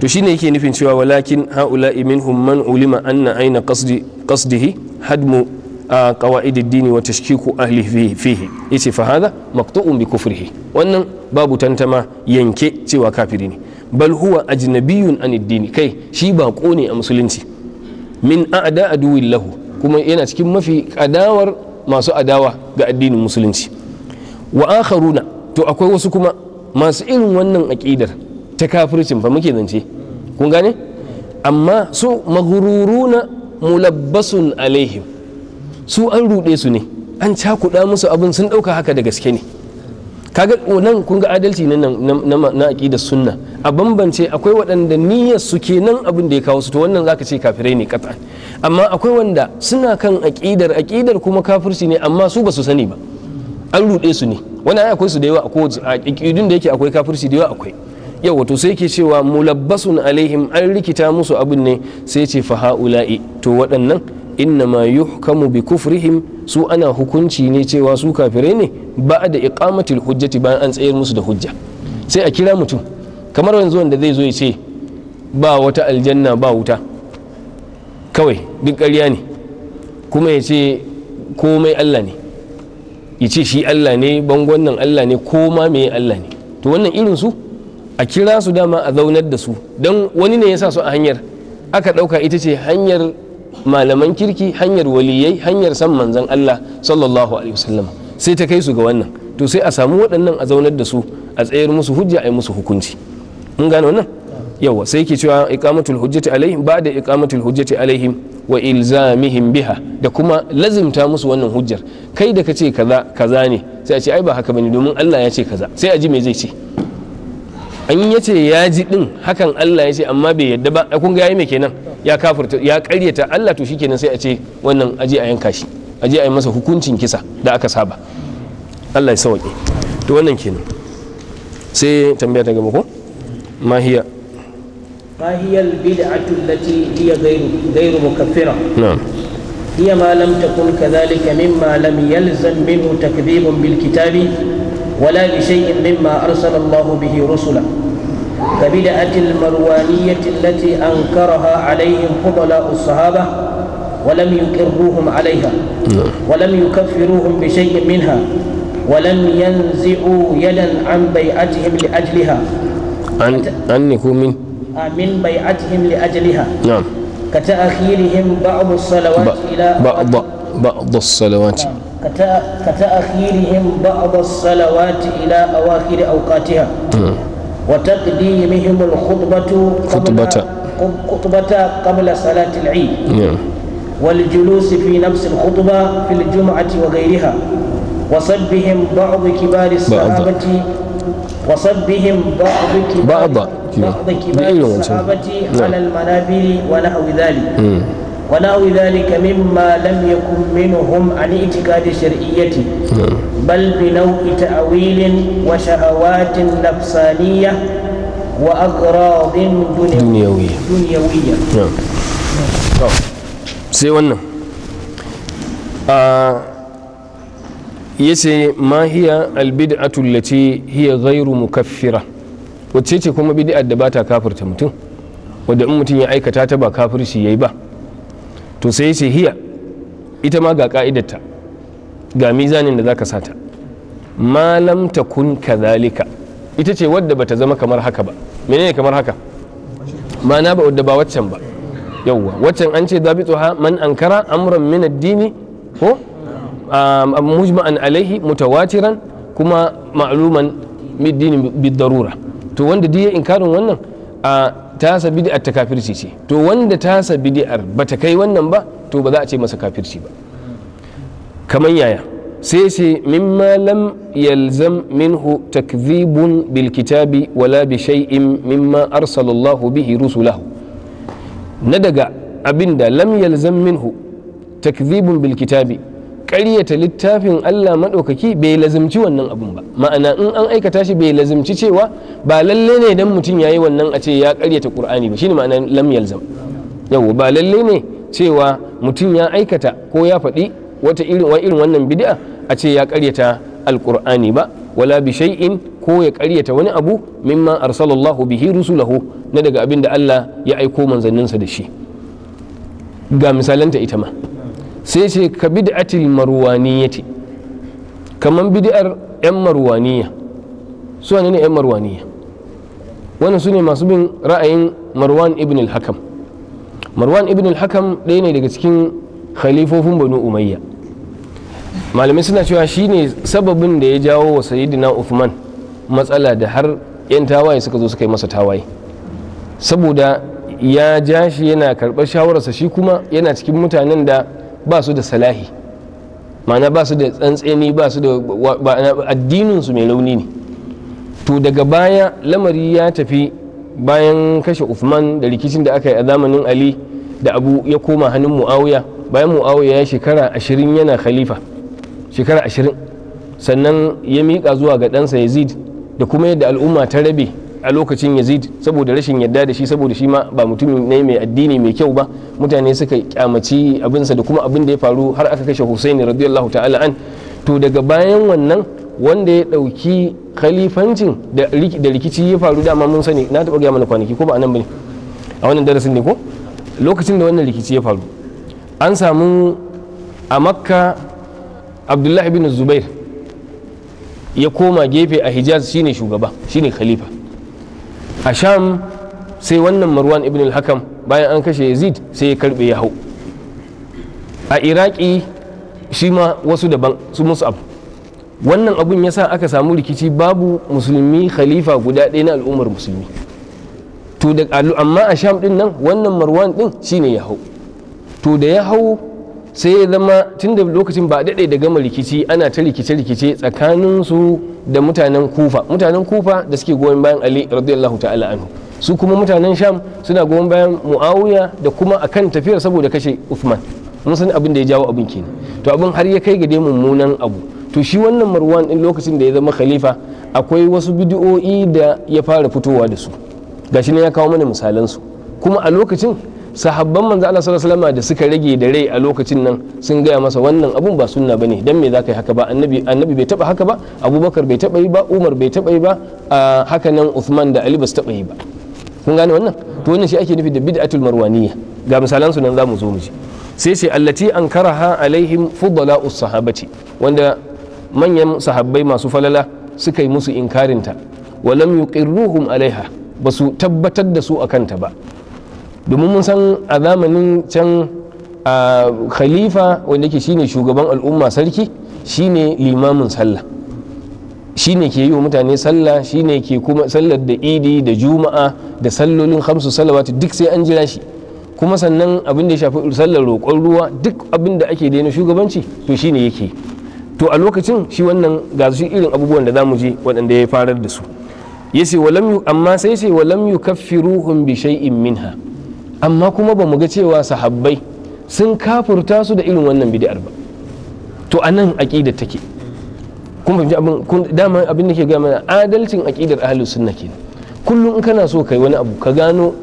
to shine yake nufin cewa walakin haula'i minhum man ulima anna aina kasdihi qasdihi hadmu qawaid ad-din wa tashkiku ahlihi fihi yace fa hadha maqtu'un bi kufrihi wannan babu tantama yanke cewa kafiri ne bal huwa ajnabiyyun an ad kai shi ba ne a musulunci min a'da aduwwin lahu kuma yana cikin mafi adawar masu adawa ga addinin musulunci wa akharuna to akwai wasu kuma masu irin wannan aƙidar ta kafircin ba muke zance kun gane amma su maghruruna mulabbasun alaihim su an ruɗe su ne an cakuɗa musu abin sun ɗauka haka da gaske ne kaga nan kun ga adalci na na sunna a bambance akwai waɗanda niyyar su kenan abin da ya kawo su to wannan zaka ce kafirai ne kata amma akwai wanda suna kan aƙidar. Aƙidar kuma kafirci ne amma su basu sani ba an ruɗe su ne wani ai akwai su da yawa A aqidun da yake akwai kafirci da yawa akwai yau wato sai ke cewa mulabbasun alaihim an rikita musu abin ne sai ce fa haula'i to waɗannan innama yuhkamu bi kufrihim su ana hukunci ne cewa su kafirai ne ba da iqamatil hujjati bayan an tsayar musu da hujja sai a kira mutum kamar wanzu wanda zai zo ya ce ba wata aljanna ba wuta kawai duk ƙarya ne kuma ya ce komai Allah ne ya ce shi Allah ne bangon nan Allah ne ma me Allah ne to wannan irin su a kira su dama a zaunar da su don wani ne ya sa su a hanyar aka ɗauka ita ce hanyar malaman kirki hanyar waliyai hanyar san manzan Allah sallallahu alaihi wasallam sai ta kai su ga wannan to sai a samu waɗannan a zaunar da su a tsayar musu hujja a yi musu hukunci mun gano wannan yawa sai ke cewa iqamatul hujjati alaihim ba da iqamatul hujjati alaihim wa ilzamihim biha da kuma lazimta musu wannan hujjar kai da kace kaza kaza ne sai a ce ai ba haka bane domin Allah ya ce kaza sai a ji me zai ce an ya ce ya ji din hakan Allah ya ce amma bai yadda ba kun ga yi mai kenan ya kafurta ya karyata Allah to shikenan sai a ce wannan aje a yanka shi aje a yi masa hukuncin kisa da aka saba Allah ya sauke to wannan kenan sai tambaya ta gaba ko mahiya hiya ma hiya albid'atu allati hiya ghayru ghayru mukaffira na'am hiya ma lam takun kadhalika mimma lam yalzam minhu takdhibun bil kitabi ولا لشيء مما أرسل الله به رسله كبدعة المروانية التي أنكرها عليهم فضلاء الصحابة ولم يقروهم عليها نعم. ولم يكفروهم بشيء منها ولم ينزعوا يدا عن بيعتهم لأجلها عن من آه، من بيعتهم لأجلها نعم كتأخيرهم بعض الصلوات إلى بعض بعض الصلوات نعم. كتأخيرهم بعض الصلوات إلى أواخر أوقاتها وتقديمهم الخطبة خطبة خطبة قبل صلاة العيد والجلوس في نفس الخطبة في الجمعة وغيرها وصبهم بعض كبار الصحابة وصبهم بعض كبار, بعض كبار الصحابة على المنابر ونحو ذلك ونحو ذلك مما لم يكن منهم عن اعتقاد الشرعية بل بنوع تأويل وشهوات نفسانية وأغراض دنيوية دنيوية نعم sai wannan ya ce ma hiya albid'atu lati hiya ghairu mukaffira wacce ce kuma bid'ar da bata ta kafirta mutum wadda in mutum ya aikata ta ba kafirci yayi ba to sai ce hiya ita ma ga ka'idarta ga mizanin da zaka sata malam ta kun kazalika ita ce wadda bata zama kamar haka ba menene kamar haka ma'ana ba wadda ba waccan ba yawwa waccan an ce dabituha man ankara amran min addini ko mujma'an alaihi mutawatiran kuma ma'luman min dini bidarura to wanda diya ya inkarin wannan a tasa bid'ar ta kafirci ce to wanda tasa bid'ar bata kai wannan ba to ba za a ce masa kafirci ba kamar yaya sai ce mimma lam yalzam minhu takdhibun bil kitabi wala bi shay'in mimma arsalallahu bihi rusulahu na daga abinda lam yalzam minhu takdhibun bil kitabi karyata littafin Allah maɗaukaki bai lazimci wannan abun ba ma'ana in an aikata shi bai lazimci cewa ba lalle ne dan mutum ya yi wannan a ce ya karyata Qur'ani ba shine ma'ana lam yalzam yawa ba lalle ne cewa mutum ya aikata ko ya faɗi wata irin wa irin wannan bid'a a ce ya karyata alƙur'ani ba wala bi shay'in ko ya karyata wani abu mimma arsalallahu bihi rusulahu na daga abin da Allah ya aiko manzanninsa da shi ga misalanta ita ma sai ce ka bid'atil marwaniyati kaman bid'ar yan marwaniya su ne yan marwaniya wannan su ne masu bin ra'ayin marwan ibn al-hakam marwan ibn al-hakam ɗaya ne daga cikin khalifofin banu umayya malamai suna cewa shi ne sababin da ya jawo wa sayidina uthman matsala da har 'yan tawaye suka zo suka yi masa tawaye saboda ya ja shi yana karɓar shawararsa shi kuma yana cikin mutanen da ba su da salahi ma'ana ba su da tsantseni ba su da addininsu mai launi ne to daga baya lamari ya tafi bayan kashe Uthman da rikicin da aka yi a zamanin Ali da abu ya koma hannun Muawiya bayan Muawiya ya shekara ashirin yana khalifa shekara ashirin sannan ya miƙa zuwa ga ɗansa Yazid da kuma yadda al'umma ta rabe a lokacin yazid saboda rashin yadda da shi saboda shi ma ba mutum ne mai addini mai kyau ba mutane suka kyamaci abinsa da kuma abin da ya faru har aka kashe husaini radiyallahu ta'ala an to daga bayan wannan wanda ya dauki khalifancin da rikici ya faru dama mun sani na taba gaya mana kwanaki ko ba a nan a wannan darasin ne ko lokacin da wannan rikici ya faru an samu a makka abdullahi bin zubair ya koma gefe a hijaz shine shugaba shine khalifa a sham sai wannan marwan ibn al-hakam bayan an kashe yazid sai ya karbe ya hau a iraki shi ma wasu daban su musab wannan abun ya sa aka samu rikici babu musulmi khalifa guda ɗaya na al'ummar musulmi to da amma a sham din nan wannan marwan din shine ya hau to da ya hau sai ya zama tun da lokacin ba daɗe da gama rikici ana ta rikice-rikice tsakaninsu da mutanen kufa mutanen kufa da suke goyon bayan ali radiyallahu ta'ala anhu su kuma mutanen sham suna goyon bayan muawiya da kuma a kan tafiyar saboda kashe usman mun san abin da ya jawo abin kenan to abin har ya kai ga dai mummunan abu to shi wannan marwan din lokacin da ya zama khalifa akwai wasu bidiyo'i da ya fara fitowa da su gashi ne ya kawo mana misalan su kuma a lokacin sahabban manzo Allah sallallahu alaihi wasallam da suka rage da rai a lokacin nan sun gaya masa wannan abun ba sunna bane dan me zaka yi haka ba annabi annabi bai taba haka ba abubakar bai taba yi ba umar bai taba yi ba haka nan uthman da ali ba su taba yi ba kun gane wannan to wannan shi ake nufi da bid'atul marwaniyya ga misalan su nan zamu zo mu ji sai ce allati ankaraha alaihim fudala ussahabati wanda manyan sahabbai masu falala suka yi musu inkarinta walam yuqirruhum alaiha ba su tabbatar da su akanta ba domin mun san a zamanin can a khalifa wanda ke shine shugaban al'umma sarki shine limamin sallah shine ke yi wa mutane sallah shine ke kuma sallar da idi da juma'a da sallolin hamsu salawatu duk sai an jira shi kuma sannan abin da ya shafi sallar roƙon ruwa duk abin da ake daina shugabanci to shine yake to a lokacin shi wannan ga su irin abubuwan da zamu je waɗanda ya farar da su yace walam amma sai sai walam yukaffiruhum bi shay'in minha amma kuma ba mu ga cewa sahabbai sun kafurta su da irin wannan bid'ar ba to anan aqida take kuma fahimci abin dama abin da ke gaya mana adalcin aqidar ahlus sunna ke kullum in kana so kai wani abu ka gano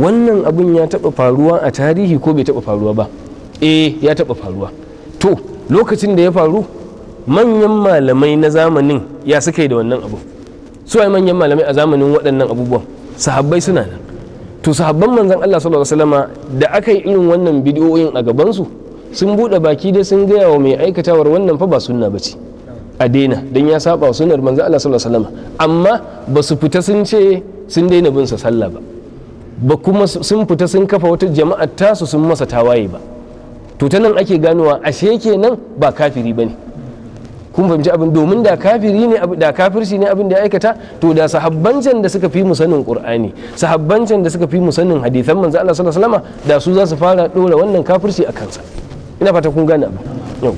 wannan abun ya taba faruwa a tarihi ko bai taba faruwa ba eh ya taba faruwa to lokacin da ya faru manyan malamai na zamanin ya suka yi da wannan abu su ai manyan malamai a zamanin waɗannan abubuwan sahabbai suna nan to sahabban manzan Allah sallallahu alaihi wasallama da aka yi irin wannan bidiyoyin a gaban su sun bude baki da sun gaya wa mai aikatawar wannan fa ba sunna bace a daina dan ya saba wa sunnar manzan Allah sallallahu alaihi wasallama amma ba su fita sun ce sun daina bin sa sallah ba ba kuma sun fita sun kafa wata jama'a tasu sun masa tawaye ba to ta ake ganowa ashe kenan ba kafiri bane kun fahimci abin domin da kafiri ne da kafirci ne abin da ya aikata to da can da suka fi mu sanin qur'ani can da suka fi mu sanin hadisan manzo Allah sallallahu alaihi wasallam da su za su fara dora wannan kafirci a kansa ina fata kun gane abin yau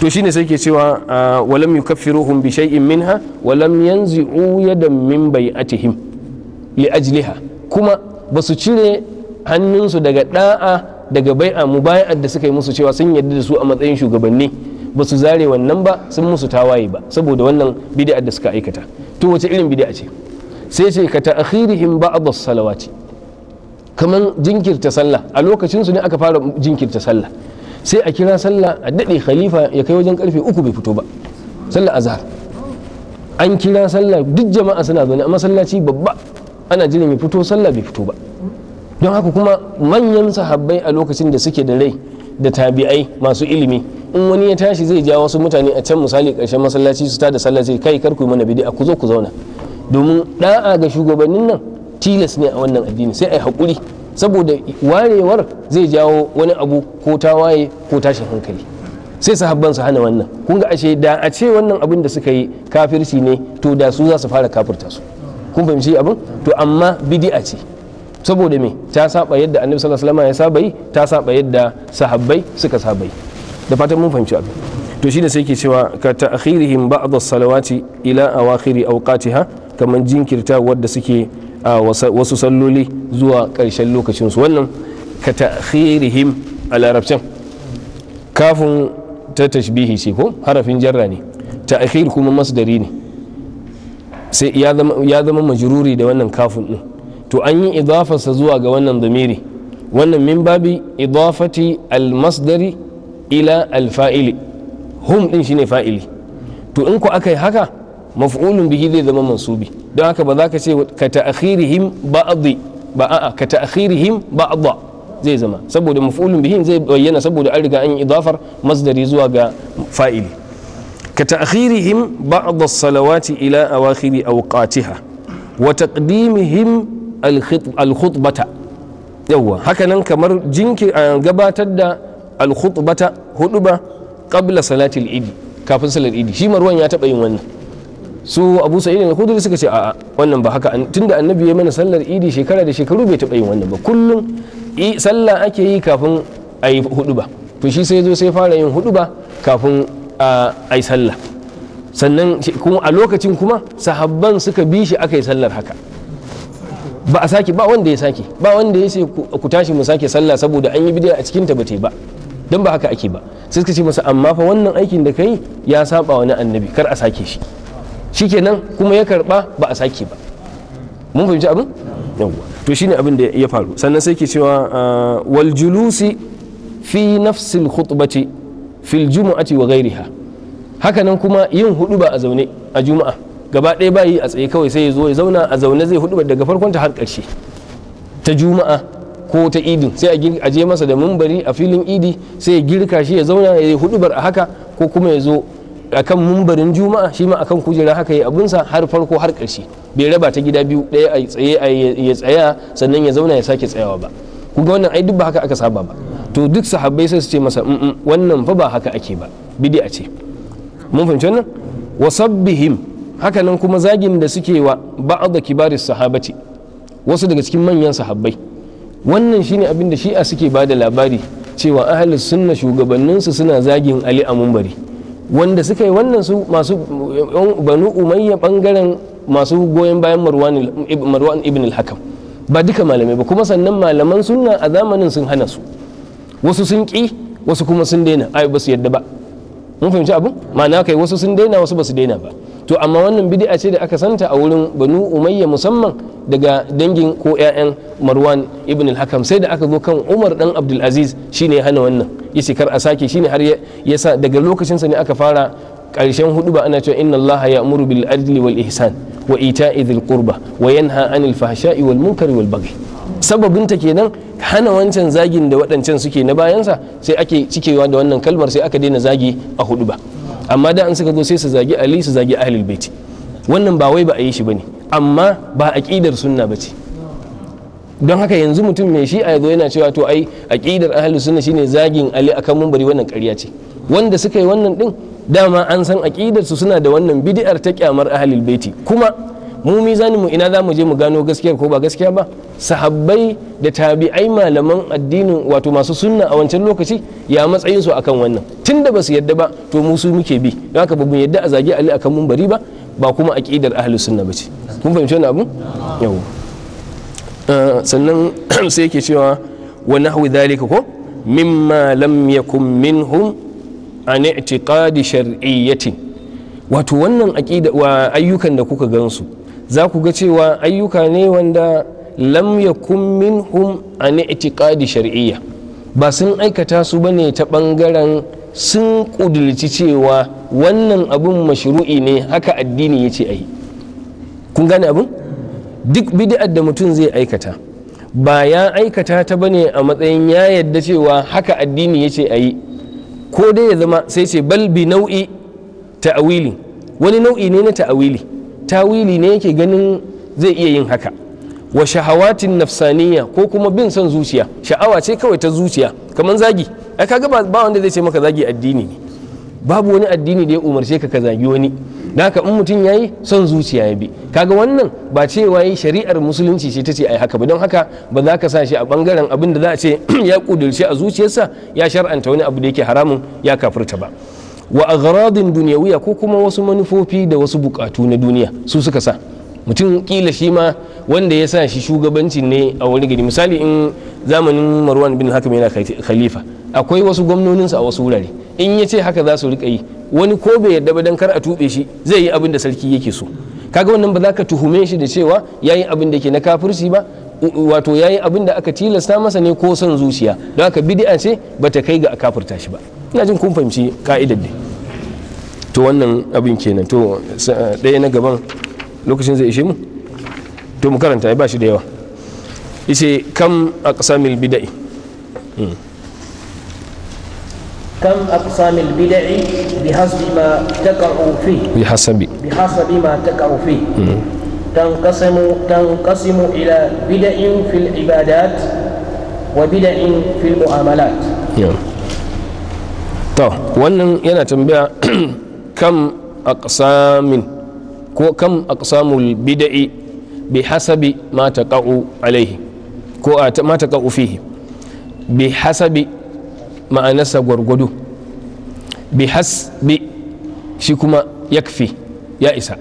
to shine sai ke cewa ah, walam yukaffiruhum bi shay'in minha walam yanzi'u yadan min bai'atihim li ajliha kuma ba su cire hannunsu daga da'a daga bai'a mubai'ar da suka yi musu cewa sun yarda da su a matsayin shugabanni ba su zare wannan ba sun musu tawaye ba saboda wannan bid'a da suka aikata to wace irin bid'a ce sai ce ka ta'khirihim ba'd as-salawati kaman jinkirta sallah a lokacin su ne aka fara jinkirta sallah sai a kira sallah a dade khalifa ya kai wajen karfe uku bai fito ba sallah azhar an kira sallah duk jama'a suna zaune a masallaci babba ana jiran ya fito sallah bai fito ba don haka kuma manyan sahabbai a lokacin da suke da rai da tabi'ai masu ilimi in wani ya tashi zai ja wasu mutane a can misali ƙarshen masallaci su tada da kai kar ku mana bid'a ku zo ku zauna domin da'a ga shugabannin nan tilas ne a wannan addini sai ai hakuri saboda warewar zai jawo wani abu ko ta waye ko tashin hankali sai sahabban su hana wannan kun ga ashe da a ce wannan abin da suka yi kafirci ne to da su za su fara kafirta su kun fahimci abin to amma bid'a ce saboda me ta saba yadda annabi sallallahu alaihi wasallam ya saba yi ta saba yadda sahabbai suka saba yi da fatan mun fahimci abin to shine sai ke cewa ka ta'khirihim ba'd as-salawati ila awakhiri awqatiha kaman jinkirta wadda suke a wasu salloli zuwa ƙarshen lokacinsu. wannan ka ta'khirihim a larabcin kafin ta tashbihi ce ko harafin jarra ne ta'khir kuma masdari ne sai ya zama majruri da wannan kafin din to an yi idafarsa zuwa ga wannan zamiri wannan min babi idafati al-masdari ila alfa'ili hum din shine fa'ili to in ku aka yi haka maf'ulun bihi zai zama mansubi don haka ba za ka ce ka ta'khirihim ba'dhi ba a'a ka ta'khirihim ba'dha zai zama saboda maf'ulun bihi zai bayyana saboda an riga an yi idafar masdari zuwa ga fa'ili ka ta'khirihim ba'dha salawati ila awakhiri awqatiha wa taqdimihim al-khutbata yawwa hakanan kamar jinki gabatar da al-khutbata huduba qabla salatil id kafin salat id shi marwan ya taba yin wannan su abu sa'id al-khudri suka ce a'a wannan ba haka tunda annabi ya mana sallar idi shekara da shekaru bai taba yin wannan ba kullum sallah ake yi kafin ayi huduba to shi sai zo sai fara yin huduba kafin a yi sallah sannan kuma a lokacin kuma sahabban suka bi shi aka yi sallar haka ba a sake ba wanda ya sake ba wanda ya sai ku tashi mu sake sallah saboda an yi bidiya a cikin ta bata ba don ba haka ake ba sai suka ce masa amma fa wannan aikin da kai ya saba wani annabi kar a sake shi shikenan kuma ya karba ba a sake ba mun fahimci abin yawwa to shine abin da ya faru sannan sai ke cewa ah, wal julusi fi nafsil khutbati fil jumu'ati wa ghairiha haka nan kuma yin hudu ba a zaune a juma'a gaba ɗaya ba yi a tsaye kawai sai ya zo ya zauna a zaune zai hudu daga farkon ta har ƙarshe ta juma'a ko ta Idi sai a je masa da mumbari a filin idi sai ya girka shi ya zauna ya yi hudubar a haka ko kuma ya zo a akan mumbarin juma'a shi ma kan kujera haka ya abunsa har farko har ƙarshe bai raba ta gida biyu ɗaya a tsaye ya tsaya sannan ya zauna ya sake tsayawa ba ku ga wannan ai duk ba haka aka saba ba to duk sahabbai sai su ce masa mm, mm, wannan fa ba haka ake ba bidi a ce mun fahimci wannan wasabbihim haka nan kuma zagin da suke wa ba'd kibaris sahabati wasu daga cikin manyan sahabbai wannan shine abin da shi'a suke ba da labari cewa ahli sunna shugabanninsu suna zagin ali a mumbari wanda suka yi wannan su masu banu umayya bangaren masu goyon bayan marwan ibn al-hakam ba duka malamai ba kuma sannan malaman sunna a zamanin sun hana su wasu sun ƙi wasu kuma sun daina ai ba su yadda ba mun fahimci abin ma'ana kai wasu sun daina wasu ba su daina ba to amma wannan bid'a ce da aka santa a wurin banu umayya musamman daga dangin ko 'ya'yan marwan ibn al-hakam sai da aka zo kan umar dan abdulaziz shine ya hana wannan yace kar a sake shine har ya sa daga lokacinsa ne aka fara karshen hudu ba ana cewa inna allaha ya'muru bil adli wal ihsan wa ita'i dhil qurba wa yanha anil fahsha'i wal munkari wal baghi ta kenan hana wancan zagin da waɗancan suke na bayansa sai ake cikewa da wannan kalmar sai aka daina zagi a hudu ba amma da an suka zo sai su zagi ali su zagi ahlul baiti wannan ba wai ba a yi shi bane amma ba aqidar sunna bace don haka yanzu mutum mai shi a yazo yana cewa to ai aqidar ahlus sunna shine zagin ali akan munbari wannan ƙarya ce wanda suka yi wannan din dama an san aqidar su suna da wannan bid'ar ta kyamar ahlul baiti kuma mu mizanin mu ina za mu je mu gano gaskiya ko ba gaskiya ba sahabbai da tabi'ai malaman addinin wato masu sunna a wancan lokaci ya matsayin su akan wannan tunda ba su yadda ba to mu su muke bi don haka ba mu yadda a zagi ali akan mun bari ba ba kuma aqidar ahli sunna bace kun fahimci wannan abu yawa eh, sannan (clears throat) sai yake cewa wa nahwi dhalika ko mimma lam yakum minhum an i'tiqadi shar'iyyatin wato wannan aqida wa ayyukan da kuka gansu za ku ga cewa ayyuka ne wanda lam min hum an itiqadi shari'iyya ba sun aikata su ba ne ta bangaren sun kudilci cewa wannan abun mashru'i ne haka addini ya ce kun gane abin duk bid'ar da mutum zai aikata ba ya aikata ta ba ne a matsayin ya yadda cewa haka addini ya ce ko dai ya zama sai ce bal bi nau'i ta'awili wani nau'i ne na ta'awili tawili ne yake ganin zai iya yin haka wa shahawatin nafsaniya ko kuma bin son zuciya sha'awa ce kawai ta zuciya kamar zagi ka kaga ba wanda zai ce maka zagi addini ne babu wani addini da ya umarce ka ka zagi wani haka in mutum ya yi son zuciya ya bi kaga wannan ba cewa yi shari'ar musulunci ce ta ce a yi haka ba don haka ba za ka sa shi a bangaren abin da za a ce (clears throat) ya kudurce a zuciyarsa ya shar'anta wani abu da yake haramun ya kafirta ba wa agharadin duniyawiya ko kuma wasu manufofi da wasu bukatu na duniya su suka sa mutum kila shi ma wanda ya sa shi shugabancin ne a wani gari misali in zamanin marwan bin hakim yana khalifa akwai wasu gwamnoninsa a wasu wurare in ya ce haka za su rika yi wani ko bai yarda ba dan kar a tuɓe shi zai yi abin da sarki yake so kaga wannan ba za ka tuhume shi da cewa yayi abin da ke na kafirci ba wato yayi abin da aka tilasta masa ne ko son zuciya don haka bid'a ce bata kai ga a kafirta shi ba ina jin kun fahimci ka'idar ne to wannan abin kenan to ɗaya na gaban lokacin zai ishe mu to mu karanta ya ba shi da yawa ishe kam aqsamil bid'i كم أقسام البدع بحسب ما تقع فيه بحسب بحسب ما تقع فيه مم. تنقسم تنقسم إلى بدع في العبادات وبدع في المعاملات yeah. to wannan yana tambaya (clears throat) kam aqsamin ko kam aqsamul bida'i bi hasabi ma taqa'u alaihi ko ma taqa'u fihi bi hasabi ma'anarsa gwargwado bi hasbi shi kuma yakfi ya isa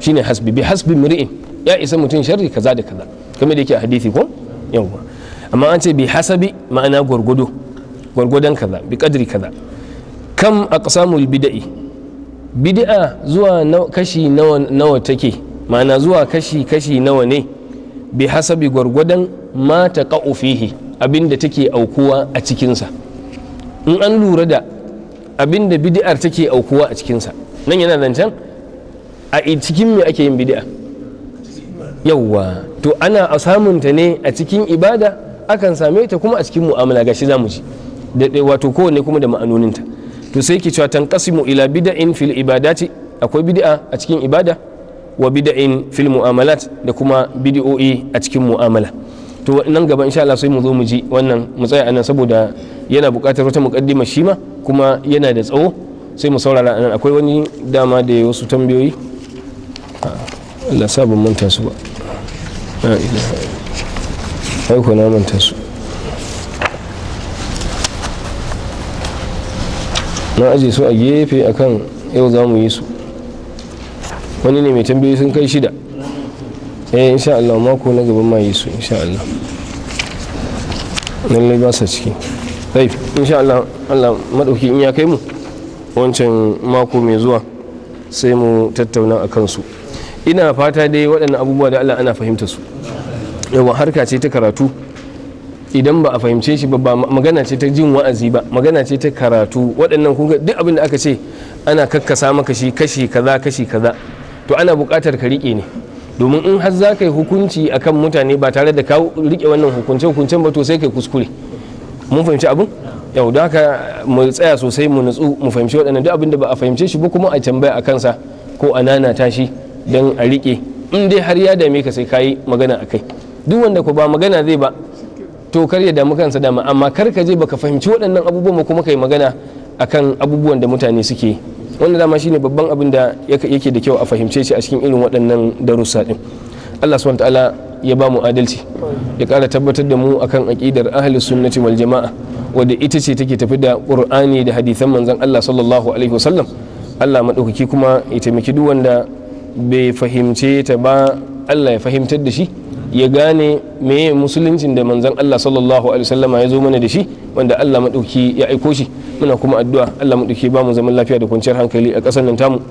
shine hasbi bi hasbi mri'in ya isa mutum sharri kaza da kaza kamar da yake a hadisi ko yawwa amma an ce bi hasabi ma'ana gwargwado gwargwadon kaza bi kadri kaza kam aqsamul bida'i, bida'a zuwa kashi nawa take ma'ana zuwa kashi kashi nawa ne bi hasabi gwargwadon ma ƙa'u fihi abinda take aukuwa a cikinsa in an lura da abinda bida'ar take aukuwa a cikinsa nan yana nan can a cikin me ake yin bida'a? yawwa to ana a samunta ne a cikin ibada akan same ta kuma a cikin mu'amala gashi za mu ci da wato kowanne kuma da ma'anoninta to sai ke cewa tanqasimu ila bid'in fil ibadati akwai bid'a a cikin ibada wa bid'in fil mu'amalat da kuma bid'o'i a cikin mu'amala to nan gaba insha Allah sai mu zo mu ji wannan mu tsaya anan saboda yana buƙatar wata muqaddima shi ma kuma yana da tsawo sai mu saurara anan akwai wani dama da wasu tambayoyi Allah sabon manta su ba ai na manta su na aje su a gefe akan yau za mu yi su wani ne mai tambayi sun kai shida eh insha Allah mako na gaban ma yi su insha Allah lallai ba sa ciki sai insha Allah Allah madauki in ya kai mu wancan mako mai zuwa sai mu tattauna a kansu ina fata dai waɗannan abubuwa da Allah ana fahimta su yawa harka ce ta karatu idan ba a fahimce shi ba magana ce ta jin wa'azi ba magana ce ta karatu waɗannan kuka duk abin da aka ce ana kakkasa maka shi kashi kaza kashi kaza to ana buƙatar ka riƙe ne domin in har za ka yi hukunci akan mutane ba tare da ka riƙe wannan hukunce hukuncen ba to sai kai kuskure mun fahimci abin yau da haka mu tsaya sosai mu nutsu mu fahimci waɗannan duk abin da ba a fahimce shi ba kuma a tambaya a kansa ko a nanata shi don a riƙe in dai har ya dame ka sai ka yi magana a kai duk wanda ko ba magana zai ba to kar ya damu kansa dama amma kar ka je baka fahimci waɗannan abubuwan kuma kai magana akan abubuwan da mutane suke wannan dama shine babban abin da yake da kyau a fahimce shi a cikin irin waɗannan darussa din Allah subhanahu ta'ala ya ba mu adalci ya ƙara tabbatar da mu akan aqidar ahli sunnati wal jama'a wadda ita ce take tafi da qur'ani da hadisan manzon Allah sallallahu alaihi wasallam Allah maɗaukaki kuma ya taimaki duk wanda bai fahimce ta ba Allah ya fahimtar da shi ya gane meye musuluncin da manzon Allah sallallahu alaihi wasallama ya zo mana da shi wanda Allah madauki ya aiko shi muna kuma addu'a Allah madauki ba mu zaman lafiya da kwanciyar hankali a ƙasar nan tamu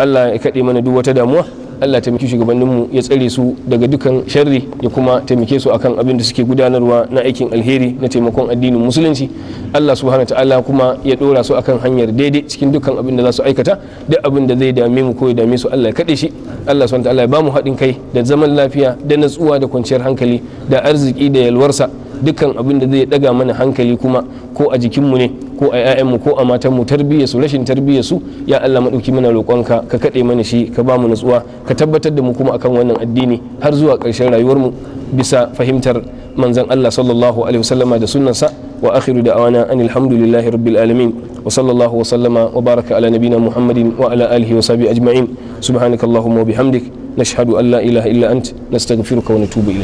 Allah ya kaɗe mana duk wata damuwa Allah taimaki shugabanninmu ya tsare su daga dukan sharri ya kuma taimake su akan abin da suke gudanarwa na aikin alheri na taimakon addinin musulunci Allah subhanahu ta'ala kuma ya dora su akan hanyar daidai cikin dukan abin da za su aikata duk abin da zai dame mu ko ya dame su Allah ya kade shi Allah subhanahu ta'ala ya bamu haɗin kai da zaman lafiya da natsuwa da kwanciyar hankali da arziki da yalwarsa dukkan abin da zai daga mana hankali kuma ko a jikinmu ne ko a 'ya'yanmu ko a matanmu tarbiyya rashin tarbiyya ya Allah maɗauki mana roƙonka ka kaɗe mana shi ka ba mu nutsuwa ka tabbatar da mu kuma akan wannan addini har zuwa ƙarshen rayuwarmu bisa fahimtar manzon Allah sallallahu alaihi wasallama da sunnansa wa akhiru da awana an alhamdulillahi rabbil alamin wa sallallahu wa sallama wa baraka ala nabina muhammadin wa ala alihi wa sahbihi ajma'in subhanakallahumma wa bihamdik nashhadu an la ilaha illa ant nastaghfiruka wa natubu